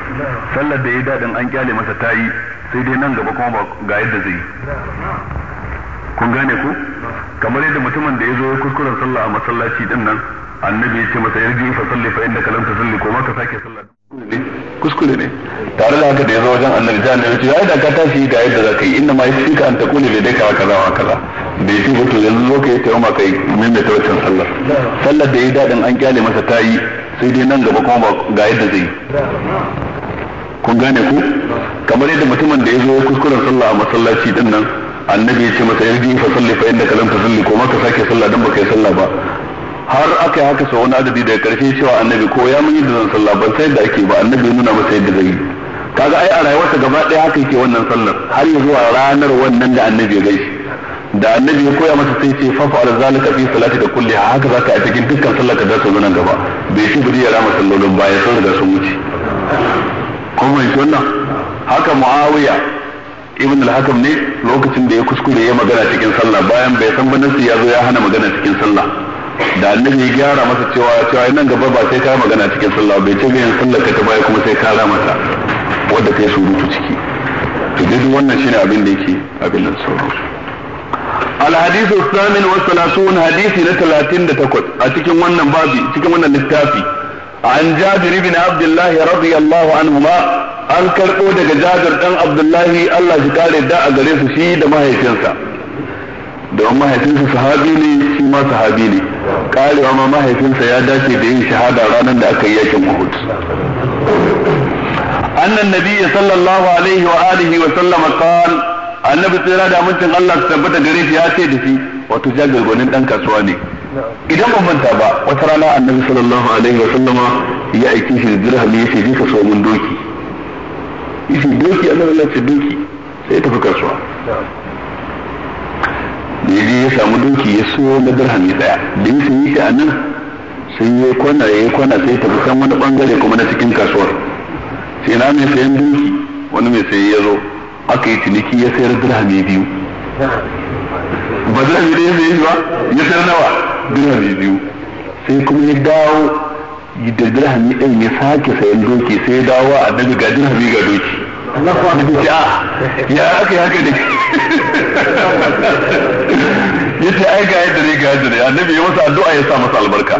sallar da yayi daɗin an kyale masa tayi sai dai nan gaba kuma ga yadda zai yi kun gane ku kamar yadda mutumin da ya zo ya kuskuren sallah a masallaci din nan annabi ya ce masa yarji fa salli fa kalam ta salli ko ma ka sake sallah kuskure ne tare da haka da ya zo wajen annabi sai annabi ce yi da ka tashi ga yadda za ka yi inda ma fi ka an taku ne da dai ka kaza wa kaza da fi ba to yanzu zo ka yi ma kai min da tawaccin sallar sallar da ya yi daɗin an kyale masa ta yi sai dai nan gaba kuma ga yadda zai yi kun gane ku kamar yadda mutumin da ya zo kuskuren sallah a masallaci din nan annabi ya ce masa yarji fa salli fa innaka lam salli ko ma ka sake sallah dan baka yi sallah ba har aka yi haka sau wani adadi daga karshe cewa annabi ko ya mun yi da zan sallah ban sai da ake ba annabi nuna masa yadda zai yi kaga ai a rayuwarsa gaba ɗaya haka yake wannan sallar har ya zuwa ranar wannan da annabi ya gaishe da annabi ya koya masa sai ce fa fa'al zalika fi salati da kulli haka zaka a cikin dukkan sallar ka da su nan gaba bai shi buri ya rama sallolin baya sun riga sun wuce kuma wannan haka muawiya ibn al-hakam ne lokacin da ya kuskure ya magana cikin sallah bayan bai san banansu ya zo ya hana magana cikin sallah da annabi ya gyara masa cewa cewa nan gaba ba sai ka magana cikin sallah bai ce yin sallar ka ta baya kuma sai ka rama ta wadda ta yi surutu ciki to duk wannan shine abin da yake abin nan surutu al hadithu thamin wa thalathun hadithi na 38 a cikin wannan babi cikin wannan littafi an jabir ibn abdullah radiyallahu anhu ma an karbo daga jabir dan abdullah Allah ya kare da a gare su shi da mahaifinsa don mahaifinsa sahabi ne shi ma sahabi ne karewa ma mahaifinsa ya dace da yin shahada ranar da aka yi yakin Uhud أن النبي صلى الله عليه وآله وسلم قال annabi tsira da mutun Allah su tabbata gare shi ya ce da shi wato jagorgonin dan kasuwa ne idan ban manta ba wata rana annabi sallallahu alaihi wa sallama ya aiki shi da dirham ya ce ka so mun doki shi doki annabi Allah ce doki sai tafi kasuwa ne ya ya samu doki ya so na ya daya da ya yi shi a nan sai ya kwana ya kwana sai tafi kan wani bangare kuma na cikin kasuwar sai na mai sayan dinki wani mai sayi ya zo aka yi ciniki ya sayar dirhami biyu ba dirhami da ya sayi ba ya sayar nawa dirhami biyu sai kuma ya dawo da dirhami ɗin ya sake sayan doki sai ya dawo a daga ga dirhami ga doki ah, ya aka yi haka ne ya ce ai ga yadda ne ga yadda ne annabi ya masa addu'a ya sa masa albarka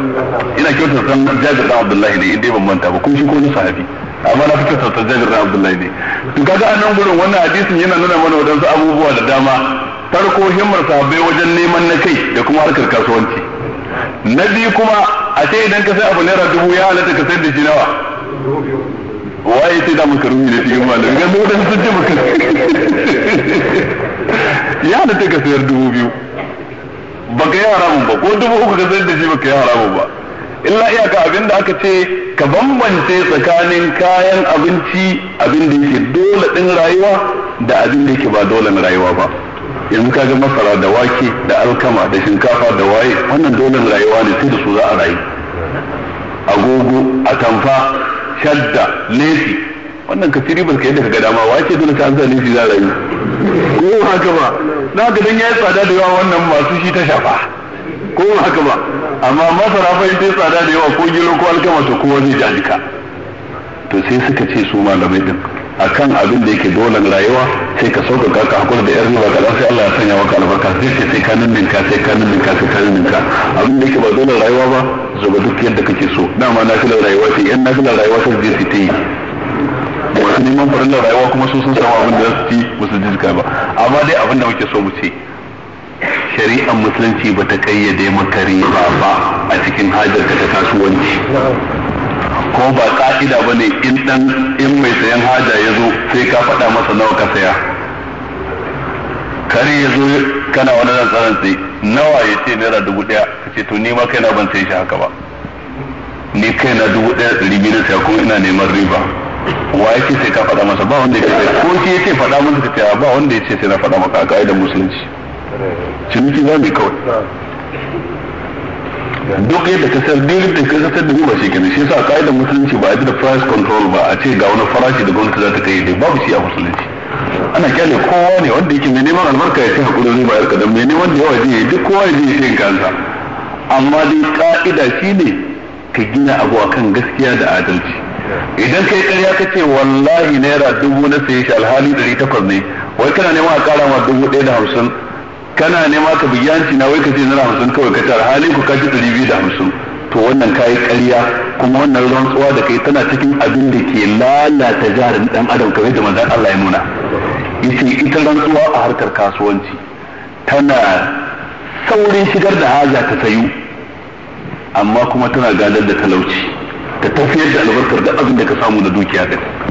ina kyautar san jabir da abdullahi ne inda ya ban manta ba kun shi ko na sahabi amma na fitar sassan jabir da abdullahi ne to kaga a nan gurin wannan hadisin yana nuna mana wadansu abubuwa da dama farko himmar sahabbai wajen neman na kai da kuma harkar kasuwanci na biyu kuma a ce idan ka sai abu naira dubu ya halatta ka sayar da shi nawa waye sai da muka rumi da cikin malam ga mu dan sun ce muka ya halatta ka sayar dubu biyu baka yi haramun ba ko dubu uku ka sayar da shi baka yi haramun ba illa iyaka abin da aka ce ka bambance tsakanin kayan abinci abin da yake dole din rayuwa da abin da yake ba dole na rayuwa ba yanzu kaga masara da wake da alkama da shinkafa da waye wannan dole rayuwa ne sai da su za a rayu agogo atamfa shadda lefi wannan ka tiri barka yadda ga dama wace dole ka za lefi za a rayu ko haka ba na ga dan yayi tsada da yawa wannan masu shi ta shafa ko ba haka ba amma masara fa dai tsada da yawa ko gero ko alkama to kowa zai ji ka to sai suka ce su malamai din akan abin da yake dolan rayuwa sai ka sauka ka hakura da irin ba kaza sai Allah ya sanya maka albarka sai ce sai ka ninninka sai ka ninninka sai ka ninninka abin da yake ba dolan rayuwa ba zuba duk yadda kake so dama na kula rayuwa sai yan na kula rayuwa sai je su ta yi masu neman farin rayuwa kuma su sun samu abin da za su ci musu su ba amma dai abin da muke so mu ce shari'ar musulunci ba ta kayyade maka riba ba a cikin ka ta kasuwanci ko ba ka'ida ba ne in dan in mai sayan haja ya zo sai ka faɗa masa nawa ka saya kare ya zo kana wani nan tsaron sai nawa ya ce naira dubu ɗaya ka ce to ni ma kaina ban sai shi haka ba ni kaina dubu ɗaya ɗari biyu na saya kuma ina neman riba wa yake sai ka faɗa masa ba wanda ya ce ko shi ya ce faɗa masa ka ce ba wanda ya ce sai na faɗa maka a ka'idar musulunci ciniki za mu kawai duk yadda ka sayar duk yadda ka sayar da riba shi kenan shi sa ka'idar musulunci ba a da price control ba a ce ga wani farashi da gwamnati za ta kai dai babu shi a musulunci ana kyale kowa ne wanda yake mai neman albarka ya ce hakurin riba ya kadan mai neman da yawa zai duk kowa ya je ya kansa amma dai ka'ida shi ne ka gina abu akan gaskiya da adalci idan kai karya ka ce wallahi naira dubu na saye shi alhali ɗari takwas ne wai kana neman a kara ma dubu ɗaya da hamsin kana nema ka bugi hanci na wai ka ce naira hamsin kawai ka tara halin ku kaji ɗari biyu da hamsin to wannan kayi ƙarya kuma wannan rantsuwa da kai tana cikin abin da ke lalata jarin dan adam kamar da mazan Allah ya nuna yace ita rantsuwa a harkar kasuwanci tana saurin shigar da haja ta sayu amma kuma tana gadar da talauci ta tafiyar da albarkar da abin da ka samu da dukiya ɗin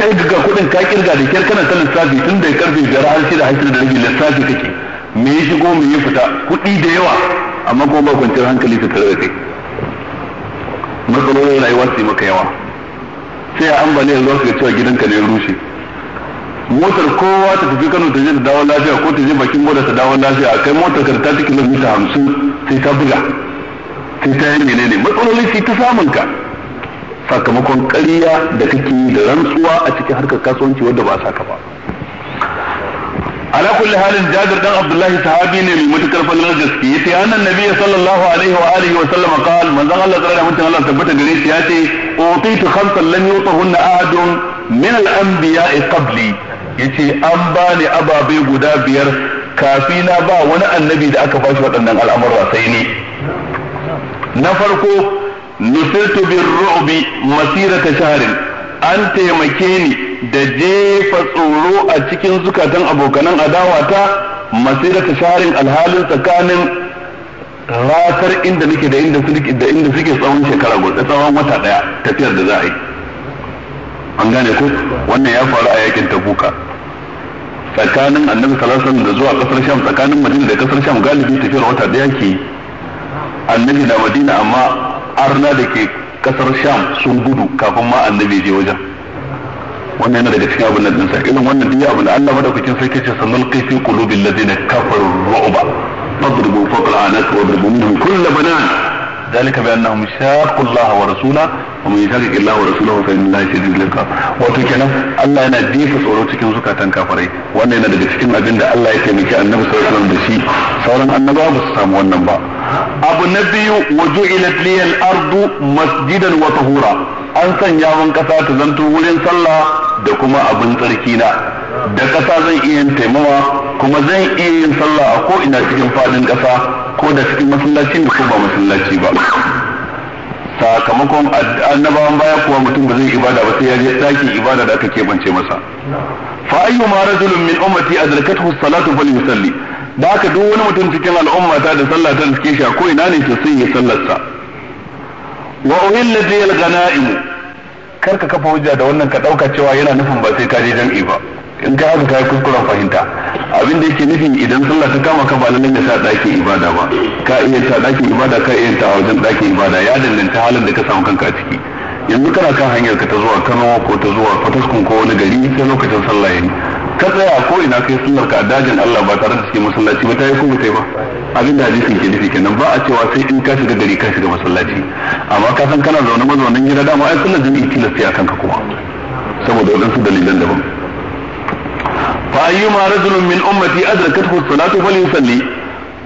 kai ga kuɗin ka kirga da kyar kana sanin lissafi tun da karfe biyar har shida har shida da rage lissafi kake me ya shigo me ya fita kuɗi da yawa amma kuma ba kwanciyar hankali ta tare da kai matsalolin rayuwa su yi maka yawa sai a ambaliyar ruwa su ga cewa gidanka ne rushe motar kowa ta tafi kano ta je ta dawo lafiya ko ta je bakin gwada ta dawo lafiya kai motar ka ta ta kilomita hamsin sai ta buga sai ta yi menene matsaloli sai ta samun ka sakamakon ƙarya da kake yi da rantsuwa a cikin harkar kasuwanci wadda ba saka ba ala kulli halin jabir dan abdullahi sahabi ne mai matukar fallar gaske yace annan nabi sallallahu alaihi wa alihi wa sallama qal manzon Allah tsara da Allah tabbata gare shi yace utitu khamsan lam yutahunna ahadun min al-anbiya'i qabli yace an bani ababe guda biyar kafina ba wani annabi da aka fashi waɗannan al'amura sai ni na farko nusirtu bir ru'bi masirata shahrin an taimake ni da jefa tsoro a cikin zukatan abokanan adawata masirata shahrin alhalin tsakanin ratar inda nake da inda suke da inda suke tsawon shekara guda tsawon wata daya tafiyar da za a yi an gane ko wannan ya faru a yakin tabuka tsakanin annabi sallallahu alaihi da zuwa kasar sham tsakanin madina da kasar sham galibi tafiyar wata daya ke annabi na madina amma arna da ke kasar sham sun gudu kafin ma annabi je wajen wannan yana daga cikin abin nan dinsa irin wannan duk abin da Allah madaukakin sarki ce sannan kai fi qulubil ladina kafaru ru'ba fawqa wa minhum kull banan ذلك بانهم شاقوا الله ورسوله ومن يشاقق الله ورسوله فان الله شديد العقاب wato kenan Allah yana jefa tsoro cikin zukatan kafirai wannan yana daga cikin abin da Allah ya taimaki annabi sallallahu alaihi wasallam da shi sauran annabawa ba su samu wannan ba abu na biyu waju'ilat liyal ardu masjidan wa tahura an sanya mun kasa ta zanto wurin sallah da kuma abin tsarki na da ƙasa zan iya yin taimawa kuma zan iya yin sallah a ko ina cikin faɗin ƙasa ko da cikin masallaci ne ko ba masallaci ba sakamakon annabawan baya kuwa mutum ba zai ibada ba sai ya je ɗakin ibada da aka kebance masa fa ayyuma rajulun min ummati adrakathu salatu falyusalli da haka duk wani mutum cikin al'umma ta da sallah ta riske shi a ko ina ne to sai ya sallarsa wa uhillat lil ghanaim kar ka kafa hujja da wannan ka ɗauka cewa yana nufin ba sai ka je jam'i ba in ka haka kai kuskuren fahimta abin da yake nufin idan sallah ta kama ka ba nan da sa ɗakin ibada ba ka iya sa ɗakin ibada ka iya ta a wajen ɗakin ibada ya danganta halin da ka samu kanka a ciki yanzu kana kan hanyar ka ta zuwa Kano ko ta zuwa Fataskun ko wani gari sai lokacin sallah yayi ka tsaya ko ina kai sallar ka dajin Allah ba tare da cikin masallaci ba ta yi ko ba abin da hadisin ke nufi kenan ba a cewa sai in ka shiga gari ka shiga masallaci amma ka san kana zaune mazaunin gida dama ai sallar jami'i tilasta ya kanka kuma saboda waɗansu dalilan daban فأيما رجل من أمتي أدركته الصلاة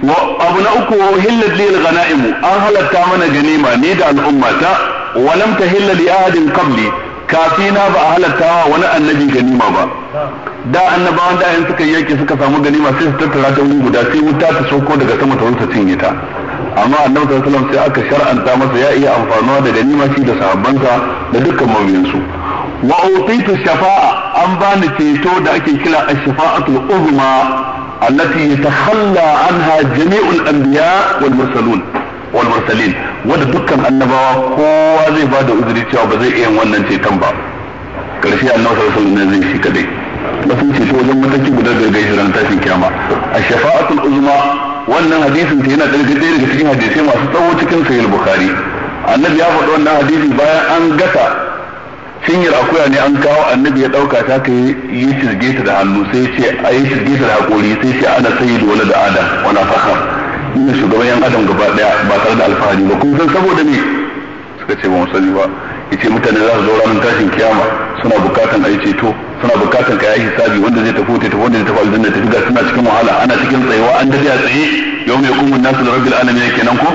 wa abu na uku hillat li al-ghanaim an halatta mana ganima ne da al'ummata wa lam tahilla li ahadin qabli kafina ba a halatta wa wani annabi ganima ba da annabawan da suka yake suka samu ganima sai su tattara ta wuri guda sai wuta ta sauko daga sama ta wuta cinye ta amma annabi sallallahu alaihi wasallam sai aka shar'anta masa ya iya amfanuwa da ganima shi da sahabbansa da dukkan mabiyansu wa utitu shafa'a an bani ceto da ake kira ash-shafa'atul uzma allati yatakhalla anha jami'ul anbiya wal mursalun wal mursalin wanda dukkan annabawa kowa zai bada uzuri cewa ba zai iya wannan ceton ba karfi annabi sallallahu alaihi wasallam zai shi kadai wasu ce to wajen mataki guda daga gaishe ran tashin kiyama a shafa'atul uzma wannan hadisin ta yana daga ɗaya daga cikin hadisai masu tsawo cikin sahih bukhari annabi ya faɗi wannan hadisi bayan an gasa cinyar akuya ne an kawo annabi ya ɗauka ta ka yi shirge ta da hannu sai ce a yi shirge ta da haƙori sai ce ana sayyid wani da adam wani fakar shine shugaban yan adam gaba daya ba tare da alfahari ba kun san saboda me suka ce ba mu sani ba yace mutane za su zo ranar tashin kiyama suna bukatan a yi ceto suna bukatan ka yi hisabi wanda zai tafi ta wanda zai tafi aljanna tafi ga suna cikin wahala ana cikin tsayewa an dade a tsaye yau mai kumun nasu da rabbil alamin kenan ko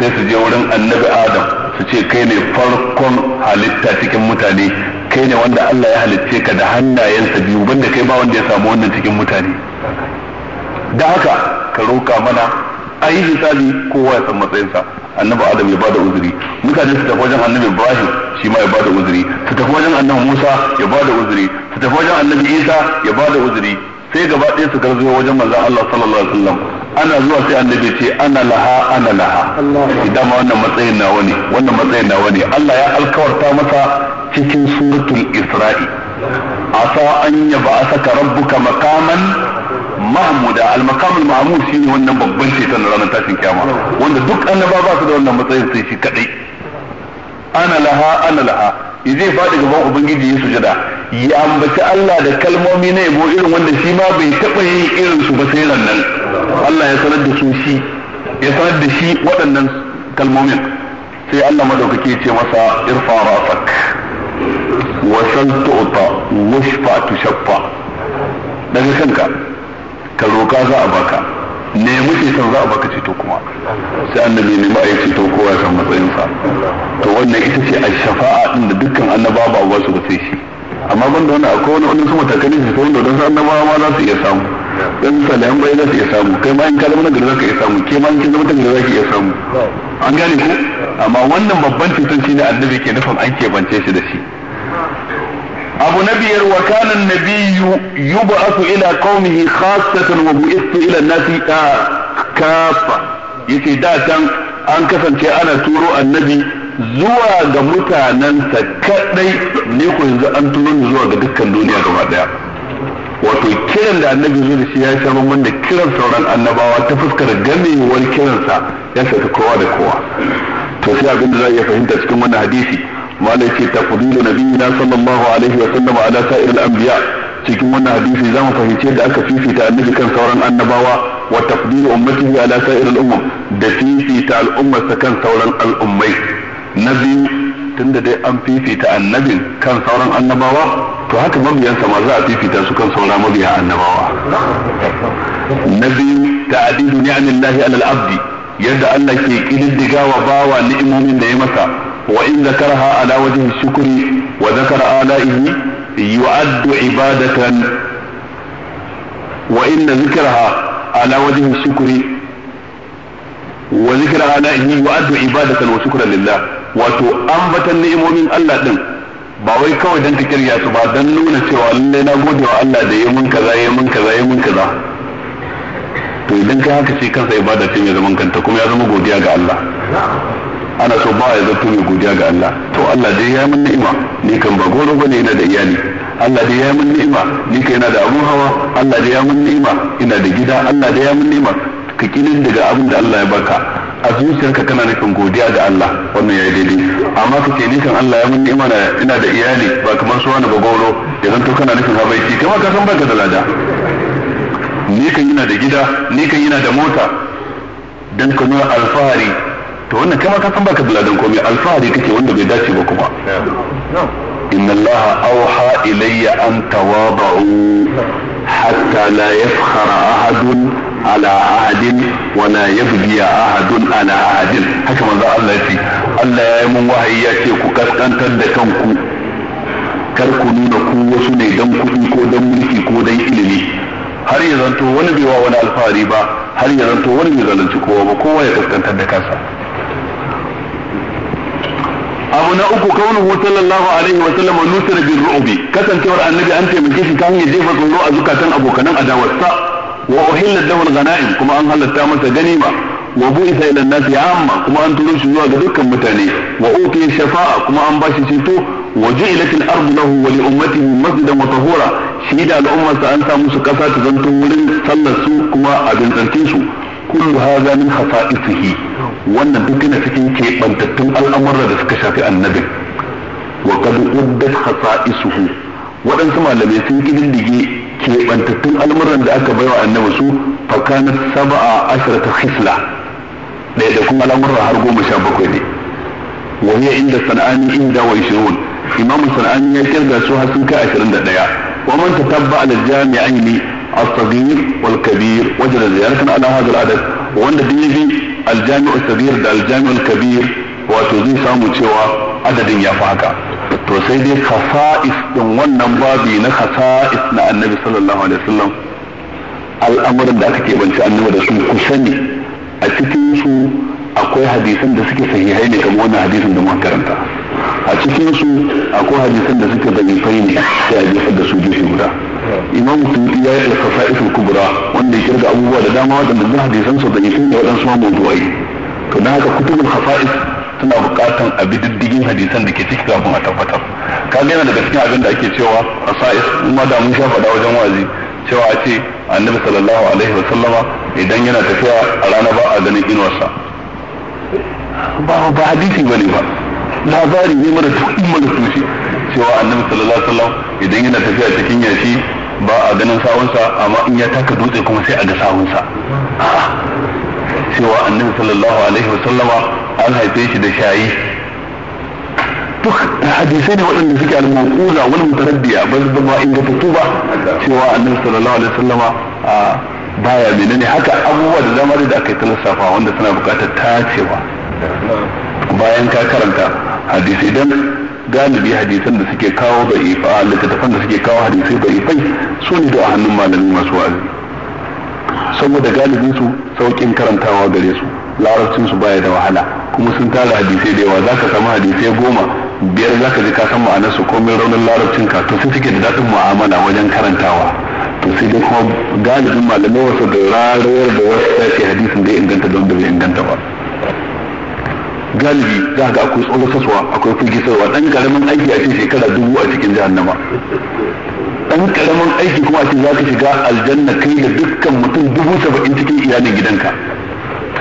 sai su je wurin annabi adam su ce kai ne farkon halitta cikin mutane kai ne wanda Allah ya halicce ka da hannayensa biyu banda kai ba wanda ya samu wannan cikin mutane da haka ka roka mana a yi hisabi kowa ya san matsayinsa annabi adam ya bada uzuri mutane su tafi wajen annabi ibrahim shi ma ya bada uzuri su tafi wajen annabi musa ya bada uzuri su tafi wajen annabi isa ya bada uzuri sai gaba ɗaya su garzuwa wajen manzon allah sallallahu alaihi wasallam ana zuwa sai annabi ce ana laha ana laha idan ma wannan matsayin nawa ne wannan matsayin nawa ne allah ya alkawarta masa cikin suratul isra'i asa an yaba asaka rabbuka maqaman mahmuda almakamul maqamul mahmud shine wannan babban ceton na ranar tashin kiyama wanda duk annaba ba su da wannan matsayin sai shi kadai ana laha ana laha zai faɗi gaban ubangiji ya sujada ya ambaci Allah da kalmomi na yabo irin wanda shi ma bai taɓa yin irin su ba sai nan Allah ya sanar da su shi ya sanar da shi waɗannan kalmomin sai Allah madaukake ce masa irfa rafak wasan tu'ta washfa tushaffa daga kanka ka roƙa za a baka nemi san za a baka ceto kuma sai annabi ya nemi a yi ceto kowa ya san matsayinsa to wannan ita ce a shafa'a din da dukkan annaba ba a su ba sai shi amma banda wani akwai wani wani sun matakan ne sai wanda wadansu annabawa ma za su iya samu dan salihan bai za su iya samu kai ma in ka zama nagari za ka iya samu ke ma in ka zama nagari za ka iya samu an gane ku amma wannan babban ceton ne annabi ke nufin an kebance shi da shi abu na biyar wa biyu nabiyyu yub'athu ila qaumihi khassatan wa bu'ithu ila nasi kafa yace da can an kasance ana turo annabi zuwa ga mutanensa kadai ne ku yanzu an turo ni zuwa ga dukkan duniya gaba daya wato kiran da annabi zai da shi ya sha bamban da kiran sauran annabawa ta fuskar gamewar kiransa ya shafi kowa da kowa to sai abin da za a iya fahimta cikin wannan hadisi malai ce tafdilu nabiyina sallallahu alaihi wa sallam ala sa'ir al-anbiya cikin wannan hadisi zamu fahimci da aka fifita annabi kan sauran annabawa wa tafdilu ummatihi ala sa'ir al-ummam da fifita al'ummarsa kan sauran al'ummai na biyu tunda dai an fifita annabin kan sauran annabawa to haka mabiyansa ma za a fifita su kan sauran mabiya annabawa na biyu ta'adidu ni'amillahi alal abdi yadda Allah ke kididdigawa bawa ni'imomin da ya masa وإن ذكرها على وجه الشكر وذكر آلائه يعد عبادة وإن ذكرها على وجه الشكر وذكر آلائه يعد عبادة وشكرا لله wato ambatan ni'imomin Allah din ba wai kawai dan ka kirya su ba dan nuna cewa lallai na gode wa Allah da ya mun kaza ya mun kaza ya mun kaza to idan ka haka sai kansa ibada ce mai zaman kanta kuma ya zama godiya ga Allah ana so ba ya zato mai godiya ga Allah to Allah dai ya min ni'ima ni kan ba goro bane ina da iyali Allah dai ya min ni'ima ni kai ina da abun hawa Allah dai ya min ni'ima ina da gida Allah dai ya min ni'ima ka kilin daga abin da Allah ya baka a zuciyarka kana nufin godiya ga Allah wannan yayi daidai amma kake ni kan Allah ya min ni'ima ina da iyali ba kamar su wani ba goro da zanto kana nufin habaiti kamar ka san baka da lada ni kan ina da gida ni kan ina da mota dan kuma alfahari to wannan kai ma ka san baka da ladan komai alfahari kake wanda bai dace ba kuma inna Allah auha ilayya an tawadu hatta la yafkhara ahadun ala ahadin wa la yabghiya ahadun ala ahadin haka manzo Allah yace Allah ya yi mun wahayi ya ce ku kaskantar da kanku kar ku nuna ku wasu ne dan kuɗi ko dan mulki ko dan ilimi har ya zanto wani bai wa wani alfahari ba har ya zanto wani bai zalunci kowa ba kowa ya kaskantar da kansa abu na uku kaunuhu sallallahu alaihi wa sallam nusira bil ru'bi kasancewar annabi an taimake shi ta jefa tsoro a zukatan abokanan adawarsa wa uhillat lahu al-ghanaim kuma an halatta masa ganima wa bu'itha ila an-nasi amma kuma an turo shi zuwa ga dukkan mutane wa utiya shafa'a kuma an bashi ceto wa ju'ilat al-ardu lahu wa li ummatihi masjidan wa tahura shi da sa an sa musu kasa ta zanto wurin sallar su kuma abin tsarkin su kullu hadha min khasa'isihi wannan duk yana cikin keɓantattun al'amura da suka shafi annabi wa qad uddat waɗansu malamai sun kididdige keɓantattun al'amuran da aka baiwa annabi su fakanat sab'a asharata khisla ɗaya da al'amuran har goma sha bakwai ne wa inda sana'ani inda wa ishirun imam sana'ani ya kirga su har sun kai ashirin da ɗaya wa man الصغير والكبير وجد زيادة على wanda العدد وأن دي الجامع الصغير ده الجامع الكبير wato zai samu cewa adadin ya fi haka to sai dai khasa'is ɗin wannan babi na khasa'is na annabi sallallahu alaihi wasallam al'amuran da aka keɓance annabi da su ku sani a cikin akwai hadisan da suke sahihai ne kamar wannan hadisin da muka a cikinsu akwai hadisan da suke da ne sai a jefar da su gefe guda imam musulmi ya yi al-khasa'is kubura kubra wanda ya kirga abubuwa da dama waɗanda duk hadisan su da yake da wadansu ma mawdu'ai to dan haka kutubul khasa'is suna buƙatan a bi diddigin hadisan da ke ciki kafin a tabbatar ka yana daga cikin abin da ake cewa khasa'is kuma da mun sha faɗa wajen wazi cewa ce annabi sallallahu alaihi wa sallama idan yana tafiya a rana ba a ganin inuwarsa ba ba hadisi bane ba labari ne mara duk mara tushe cewa annabi sallallahu alaihi wasallam idan yana tafiya cikin yashi ba a ganin sawunsa amma in ya taka dutse kuma sai a ga sawunsa cewa annabi sallallahu alaihi wasallama an haife shi da shayi duk hadisai ne waɗanda suke al mawquza wal mutaraddiya ba su zama ingantattu ba cewa annabi sallallahu alaihi wasallama baya menene haka abubuwa da dama da aka yi talasafa wanda suna buƙatar tacewa bayan ka karanta hadisi dan galibi hadisan da suke kawo da ifa littattafan da suke kawo hadisai da ifai su ne da hannun malamin masu wa'azi saboda galibin su saukin karantawa gare su larabcin su baya da wahala kuma sun tara hadisai da yawa zaka samu hadisai goma biyar zaka ji ka san ma'anar su komai raunin larabcin ka to sun suke da daɗin mu'amala wajen karantawa to sai dai kuma galibin malamai wasu da rarayar da wasu tafi hadisin da inganta don da bai inganta ba galibi za ga akwai tsoratarwa akwai firgitarwa dan karamin aiki a ce shekara dubu a cikin jahannama dan karamin aiki kuma a ce za ka shiga aljanna kai da dukkan mutum dubu saba'in cikin iyalin gidanka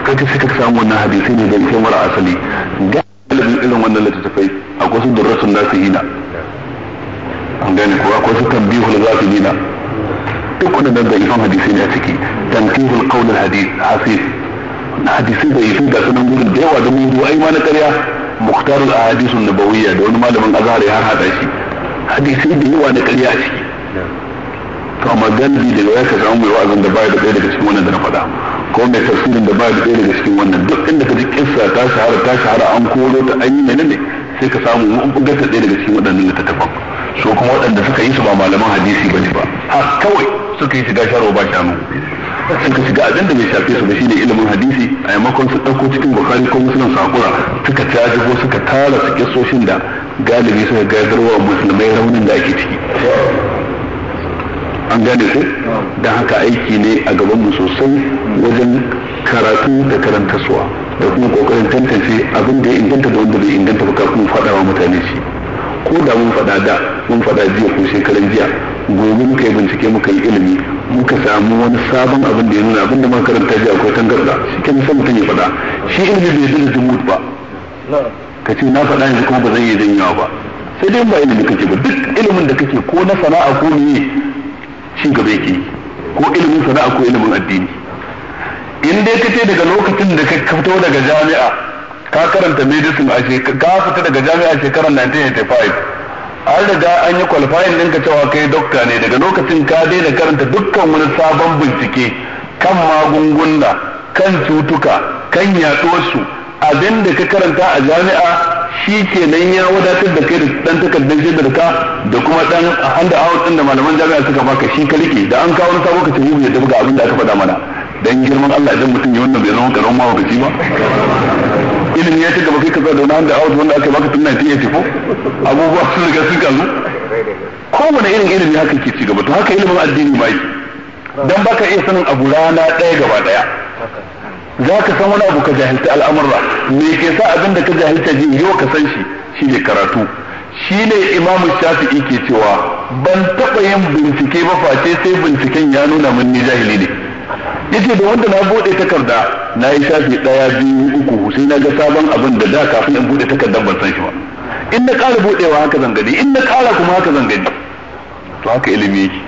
kaga sai ka samu wannan hadisi ne da ke mara asali galibin irin wannan littattafai akwai su durrasun nasihina an gane kuwa akwai su tambihul zafirina duk wannan da ifan hadisi ne a ciki tankihul qawl hadis hasif na hadisai da yafi ga sunan gudun da yawa da mun duwa ai ma na ƙarya muhtarul ahadisun nabawiyya da wani malamin azhar ya hada shi hadisai da yawa na ƙarya a ciki to amma galibi da ya ka samu wa'azin da baya da ɗaya daga cikin wannan da na faɗa ko mai tafsirin da baya da ɗaya daga cikin wannan duk inda ka ji kissa ta shahara ta shahara an koro ta an yi menene ne sai ka samu gasa ɗaya daga cikin waɗannan littattafan so kuma waɗanda suka yi su ba malaman hadisi ba ne ba ha kawai suka yi shiga sharo ba shanu suka shiga abin da bai shafe su ba shine ilimin hadisi a yamakon su ɗauko cikin bukari ko musulun sakura suka caji ko suka tara su kisoshin da galibi suka gadarwa musulmai raunin da ake ciki an gane su don haka aiki ne a gaban mu sosai wajen karatu da suwa da kuma kokarin tantance abin da ya inganta da wanda bai inganta ba kafin faɗawa mutane shi ko da mun faɗa da mun faɗa jiya ko shekaran jiya gobe muka yi bincike muka yi ilimi muka samu wani sabon abin da ya nuna abin da ma karanta jiya akwai tangarda shi ke san mutum ya faɗa shi ilimi bai zai jumut ba ka ce na faɗa yanzu kuma ba zan iya janyawa ba sai dai ba ilimi kake ba duk ilimin da kake ko na sana'a ko ne shi gaba yake ko ilimin sana'a ko ilimin addini in dai kace daga lokacin da ka fito daga jami'a ka karanta medicine a ka fita daga jami'a shekarar 1985 an riga an yi qualifying ɗinka cewa kai dokta ne daga lokacin ka daina karanta dukkan wani sabon bincike kan magunguna kan cutuka kan yaɗuwarsu abin da ka karanta a jami'a shi ke nan ya wadatar da kai da dan takardar shaidar ka da kuma dan hand out din da malaman jami'a suka baka shi ka rike da an kawo sabon ka tafi ya ga abin da aka faɗa mana dan girman Allah idan mutum ya wannan bai zama karon ma ba ilimi ya ci gaba kai kasa da wani wanda awad wanda aka baka tunna ya ce ko abubuwa sun riga sun Ko kowane irin ilimi haka ke cigaba to haka ilimin addini ba yi dan baka iya sanin abu rana ɗaya gaba ɗaya za ka san wani abu ka jahilta al'amurra me ke sa abin da ka jahilta ji yau ka san shi shi ne karatu shi ne imam shafi'i ke cewa ban taɓa yin bincike ba face sai binciken ya nuna min ni jahili ne yake da wanda na bude takarda na yi shafi daya biyu uku sai na ga sabon abin da da kafin in bude takardar ban san shi ba in na ƙara budewa haka zan gani in na ƙara kuma haka zan gani to haka ilimi yake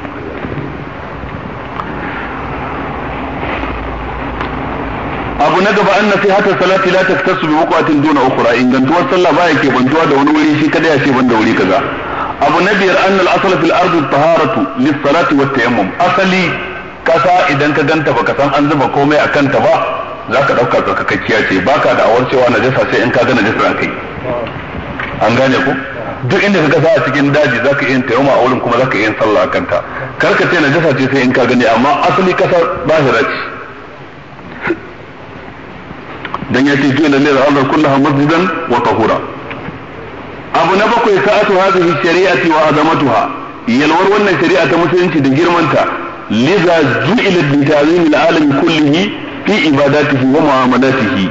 abu na gaba an sai hata salati la taktasu bi wuqatin duna ukhra ingantuwar sallah baya yake bantuwa da wani wuri shi kada ya ce banda wuri kaza abu na biyar anna al-asl fil ardi taharatu lis salati wat tayammum asali kasa idan ka ganta baka san an zuba komai a kanta ba za ka ɗauka tsarkakakkiya ce baka da awar cewa jasa sai in ka ga najasa kai an gane ku duk inda ka kasa a cikin daji za ka iya taimama a wurin kuma za ka iya sallah a kanta kar ka ce jasa ce sai in ka gani amma asali kasa da ce dan ya ce jiya lalle Allah ha masjidan wa tahura abu na bakwai sa'atu hadhihi shari'ati wa azamatuha yalwar wannan shari'a ta musulunci da girmanta لذا جعلت لتعظيم العالم كله في عباداته ومعاملاته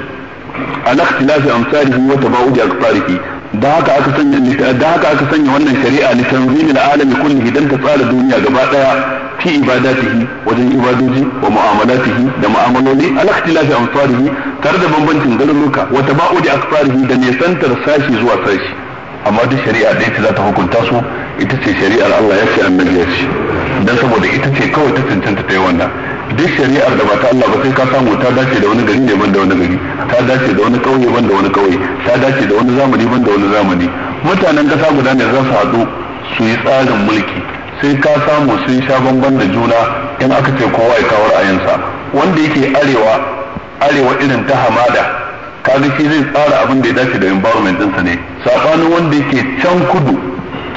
على اختلاف امثاله وتفاوت اقطاره da haka aka sanya da haka aka sanya wannan shari'a li tanzim al-alam kullihi dan ta tsara duniya gaba daya fi ibadatihi wajen ibadoji wa mu'amalatihi da mu'amaloli ala ikhtilafi amsarihi tare da bambancin garuruka wa taba'udi akfarihi da nisantar sashe zuwa sashi amma duk shari'a da ita za ta hukunta su ita ce shari'ar Allah ya ce annabi ya dan saboda ita ce kawai ta cancanta ta yi wannan duk shari'ar da ba ta Allah ba sai ka samu ta dace da wani gari ne ban da wani gari ta dace da wani kauye ban da wani kauye ta dace da wani zamani ban da wani zamani mutanen kasa guda ne za su haɗu su yi tsarin mulki sai ka samu sun sha bamban da juna in aka ce kowa ya a ra'ayinsa wanda yake arewa arewa irin ta hamada kaga shi zai tsara abin da ya dace da environment ɗinsa ne saɓanin wanda yake can kudu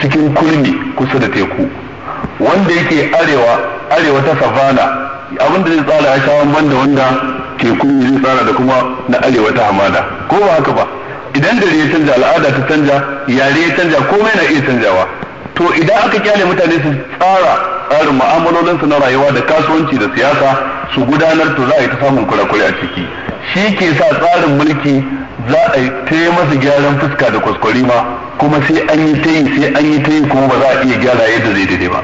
cikin kulmi kusa da teku wanda yake arewa arewa ta savanna abin da zai tsara ya sha banda wanda tekun zai tsara da kuma na arewa ta hamada ko ba haka ba idan dare ya canja al'ada ta canja yare ya canja komai na iya canjawa to idan aka kyale mutane su tsara tsarin mu'amalolinsu na rayuwa da kasuwanci da siyasa su gudanar to za a yi ta samun kurakure a ciki shi ke sa tsarin mulki za a yi ta masa gyaran fuska da kuskure ma kuma sai an yi ta yi sai an yi ta yi kuma ba za a iya gyara yadda zai daidai ba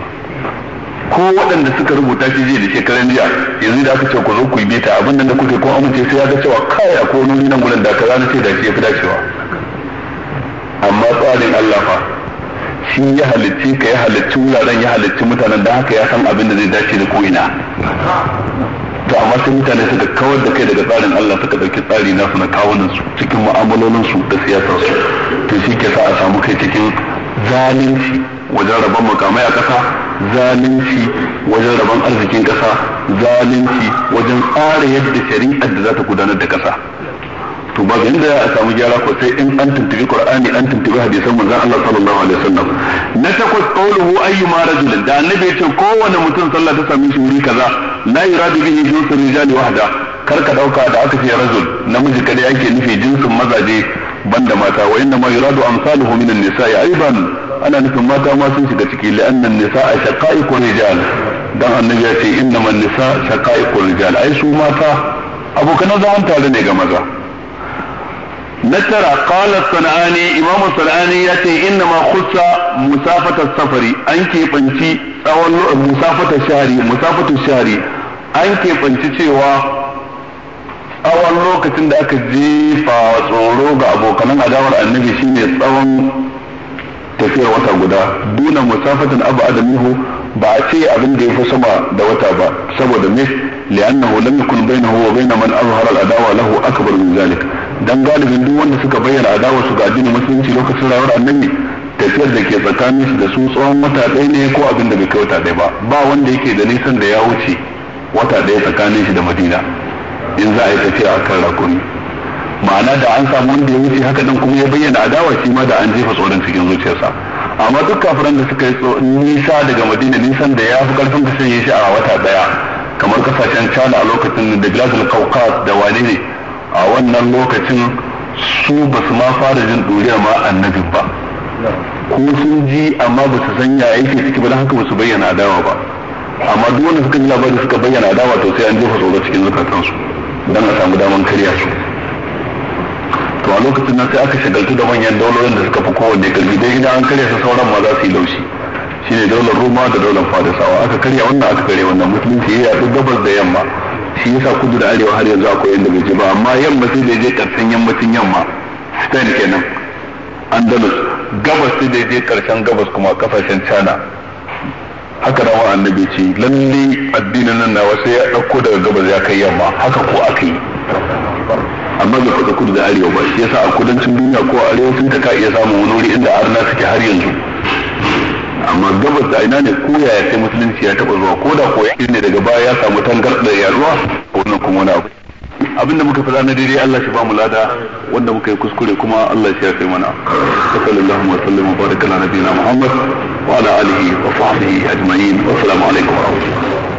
ko waɗanda suka rubuta shi jiya da shekaran jiya yanzu da aka ce ku zo ku yi bita abin da kuke ko amince sai ya ga cewa kaya ko nuni nan gudan da ka zana ce da shi ya fi dacewa amma tsarin Allah fa shi ya halicci ka ya halicci wuraren ya halicci mutanen da haka ya san abin da zai dace da ko'ina to amma sai mutane suka kawar da kai daga tsarin Allah suka ɗauki tsari na su na kawunan su cikin mu'amalolinsu da siyasarsu to shi ke sa a samu kai cikin zalunci wajen rabon makamai a ƙasa zalunci wajen rabon arzikin ƙasa zalunci wajen tsara yadda shari'ar da za ta gudanar da ƙasa to ba ga inda a samu gyara ko sai in an tuntubi qur'ani an tuntubi hadisan manzon Allah sallallahu alaihi wasallam na takwas qawluhu ayyuma rajulin da annabi yace kowanne mutum sallah ta sami shi wuri kaza la yuradu bihi jinsu rijali wahda kar ka dauka da aka ce rajul namiji kada yake nufi jinsin mazaje banda mata wa inna ma yuradu amsaluhu minan nisa'i aidan ana nufin mata ma sun shiga ciki la'annan nisa'a shaqa'iqur rijal dan annabi ya ce innamal nisa shaqa'iqur rijal ai su mata abokan zaman tare ne ga maza na tara qala sanani imam sanani ya ce inna ma khussa musafata safari an keɓanci tsawon musafata shari musafatu shari an keɓanci cewa tsawon lokacin da aka jefa tsoro ga abokan adawar annabi shine tsawon Tafiya wata guda duna musafatan abu adaminhu ba a ce abin da ya fi sama da wata ba saboda me li'annahu lam yakun bainahu wa baina man azhara al-adawa lahu akbar min zalik dan galibin duk wanda suka bayyana adawa su ga addinin musulunci lokacin rayuwar annabi tafiyar da ke tsakanin su da su tsawon wata ɗaya ne ko abin da bai kai wata ɗaya ba ba wanda yake da nisan da ya wuce wata ɗaya tsakanin shi da madina in za a yi tafiya a kan rakuni. ma'ana da an samu wanda ya wuce haka nan kuma ya bayyana adawa shi ma da an jefa tsoron cikin zuciyarsa amma duk kafiran da suka yi nisa daga madina nisan da ya fi karfin da sanya shi a wata daya kamar kasashen cana a lokacin da glasgow kaukas da wane ne a wannan lokacin su ba su ma fara jin ɗuriya ma annabin ba ko sun ji amma ba su san ya suke ba haka ba su bayyana adawa ba amma duk wanda suka ji labari suka bayyana adawa to sai an jefa tsoro cikin zukatansu don a samu daman karya su to a lokacin nan sai aka shagaltu da manyan daulolin da suka fi kowanne karfi dai idan an karya su sauran ma za su yi laushi shine daular roma da daular fadisawa aka karya wannan aka karya wannan musulunci ya yaɗu gabas da yamma shi yasa kudu da arewa har yanzu akwai yadda bai ji ba amma yamma sai dai je karshen yammacin yamma spain kenan andalus gabas sai dai je karshen gabas kuma kasashen china haka da wa annabi ce lalle addinin nan na sai ya ɗauko daga gabas ya kai yamma haka ko aka yi amma ga kudu kudu da arewa ba shi yasa a kudancin duniya ko a arewacin ta ka iya samun wani wuri inda arna suke har yanzu amma gabas da ina ne ko ya sai musulunci ya taba zuwa ko da ko ne daga baya ya samu tangarda ko wannan kuma wani abu abinda muka faɗa na daidai Allah shi ba mu lada wanda muka yi kuskure kuma Allah shi ya kai mana sallallahu wa sallam wa baraka lana nabiyina Muhammad wa ala alihi wa sahbihi ajma'in wa assalamu alaikum wa rahmatullahi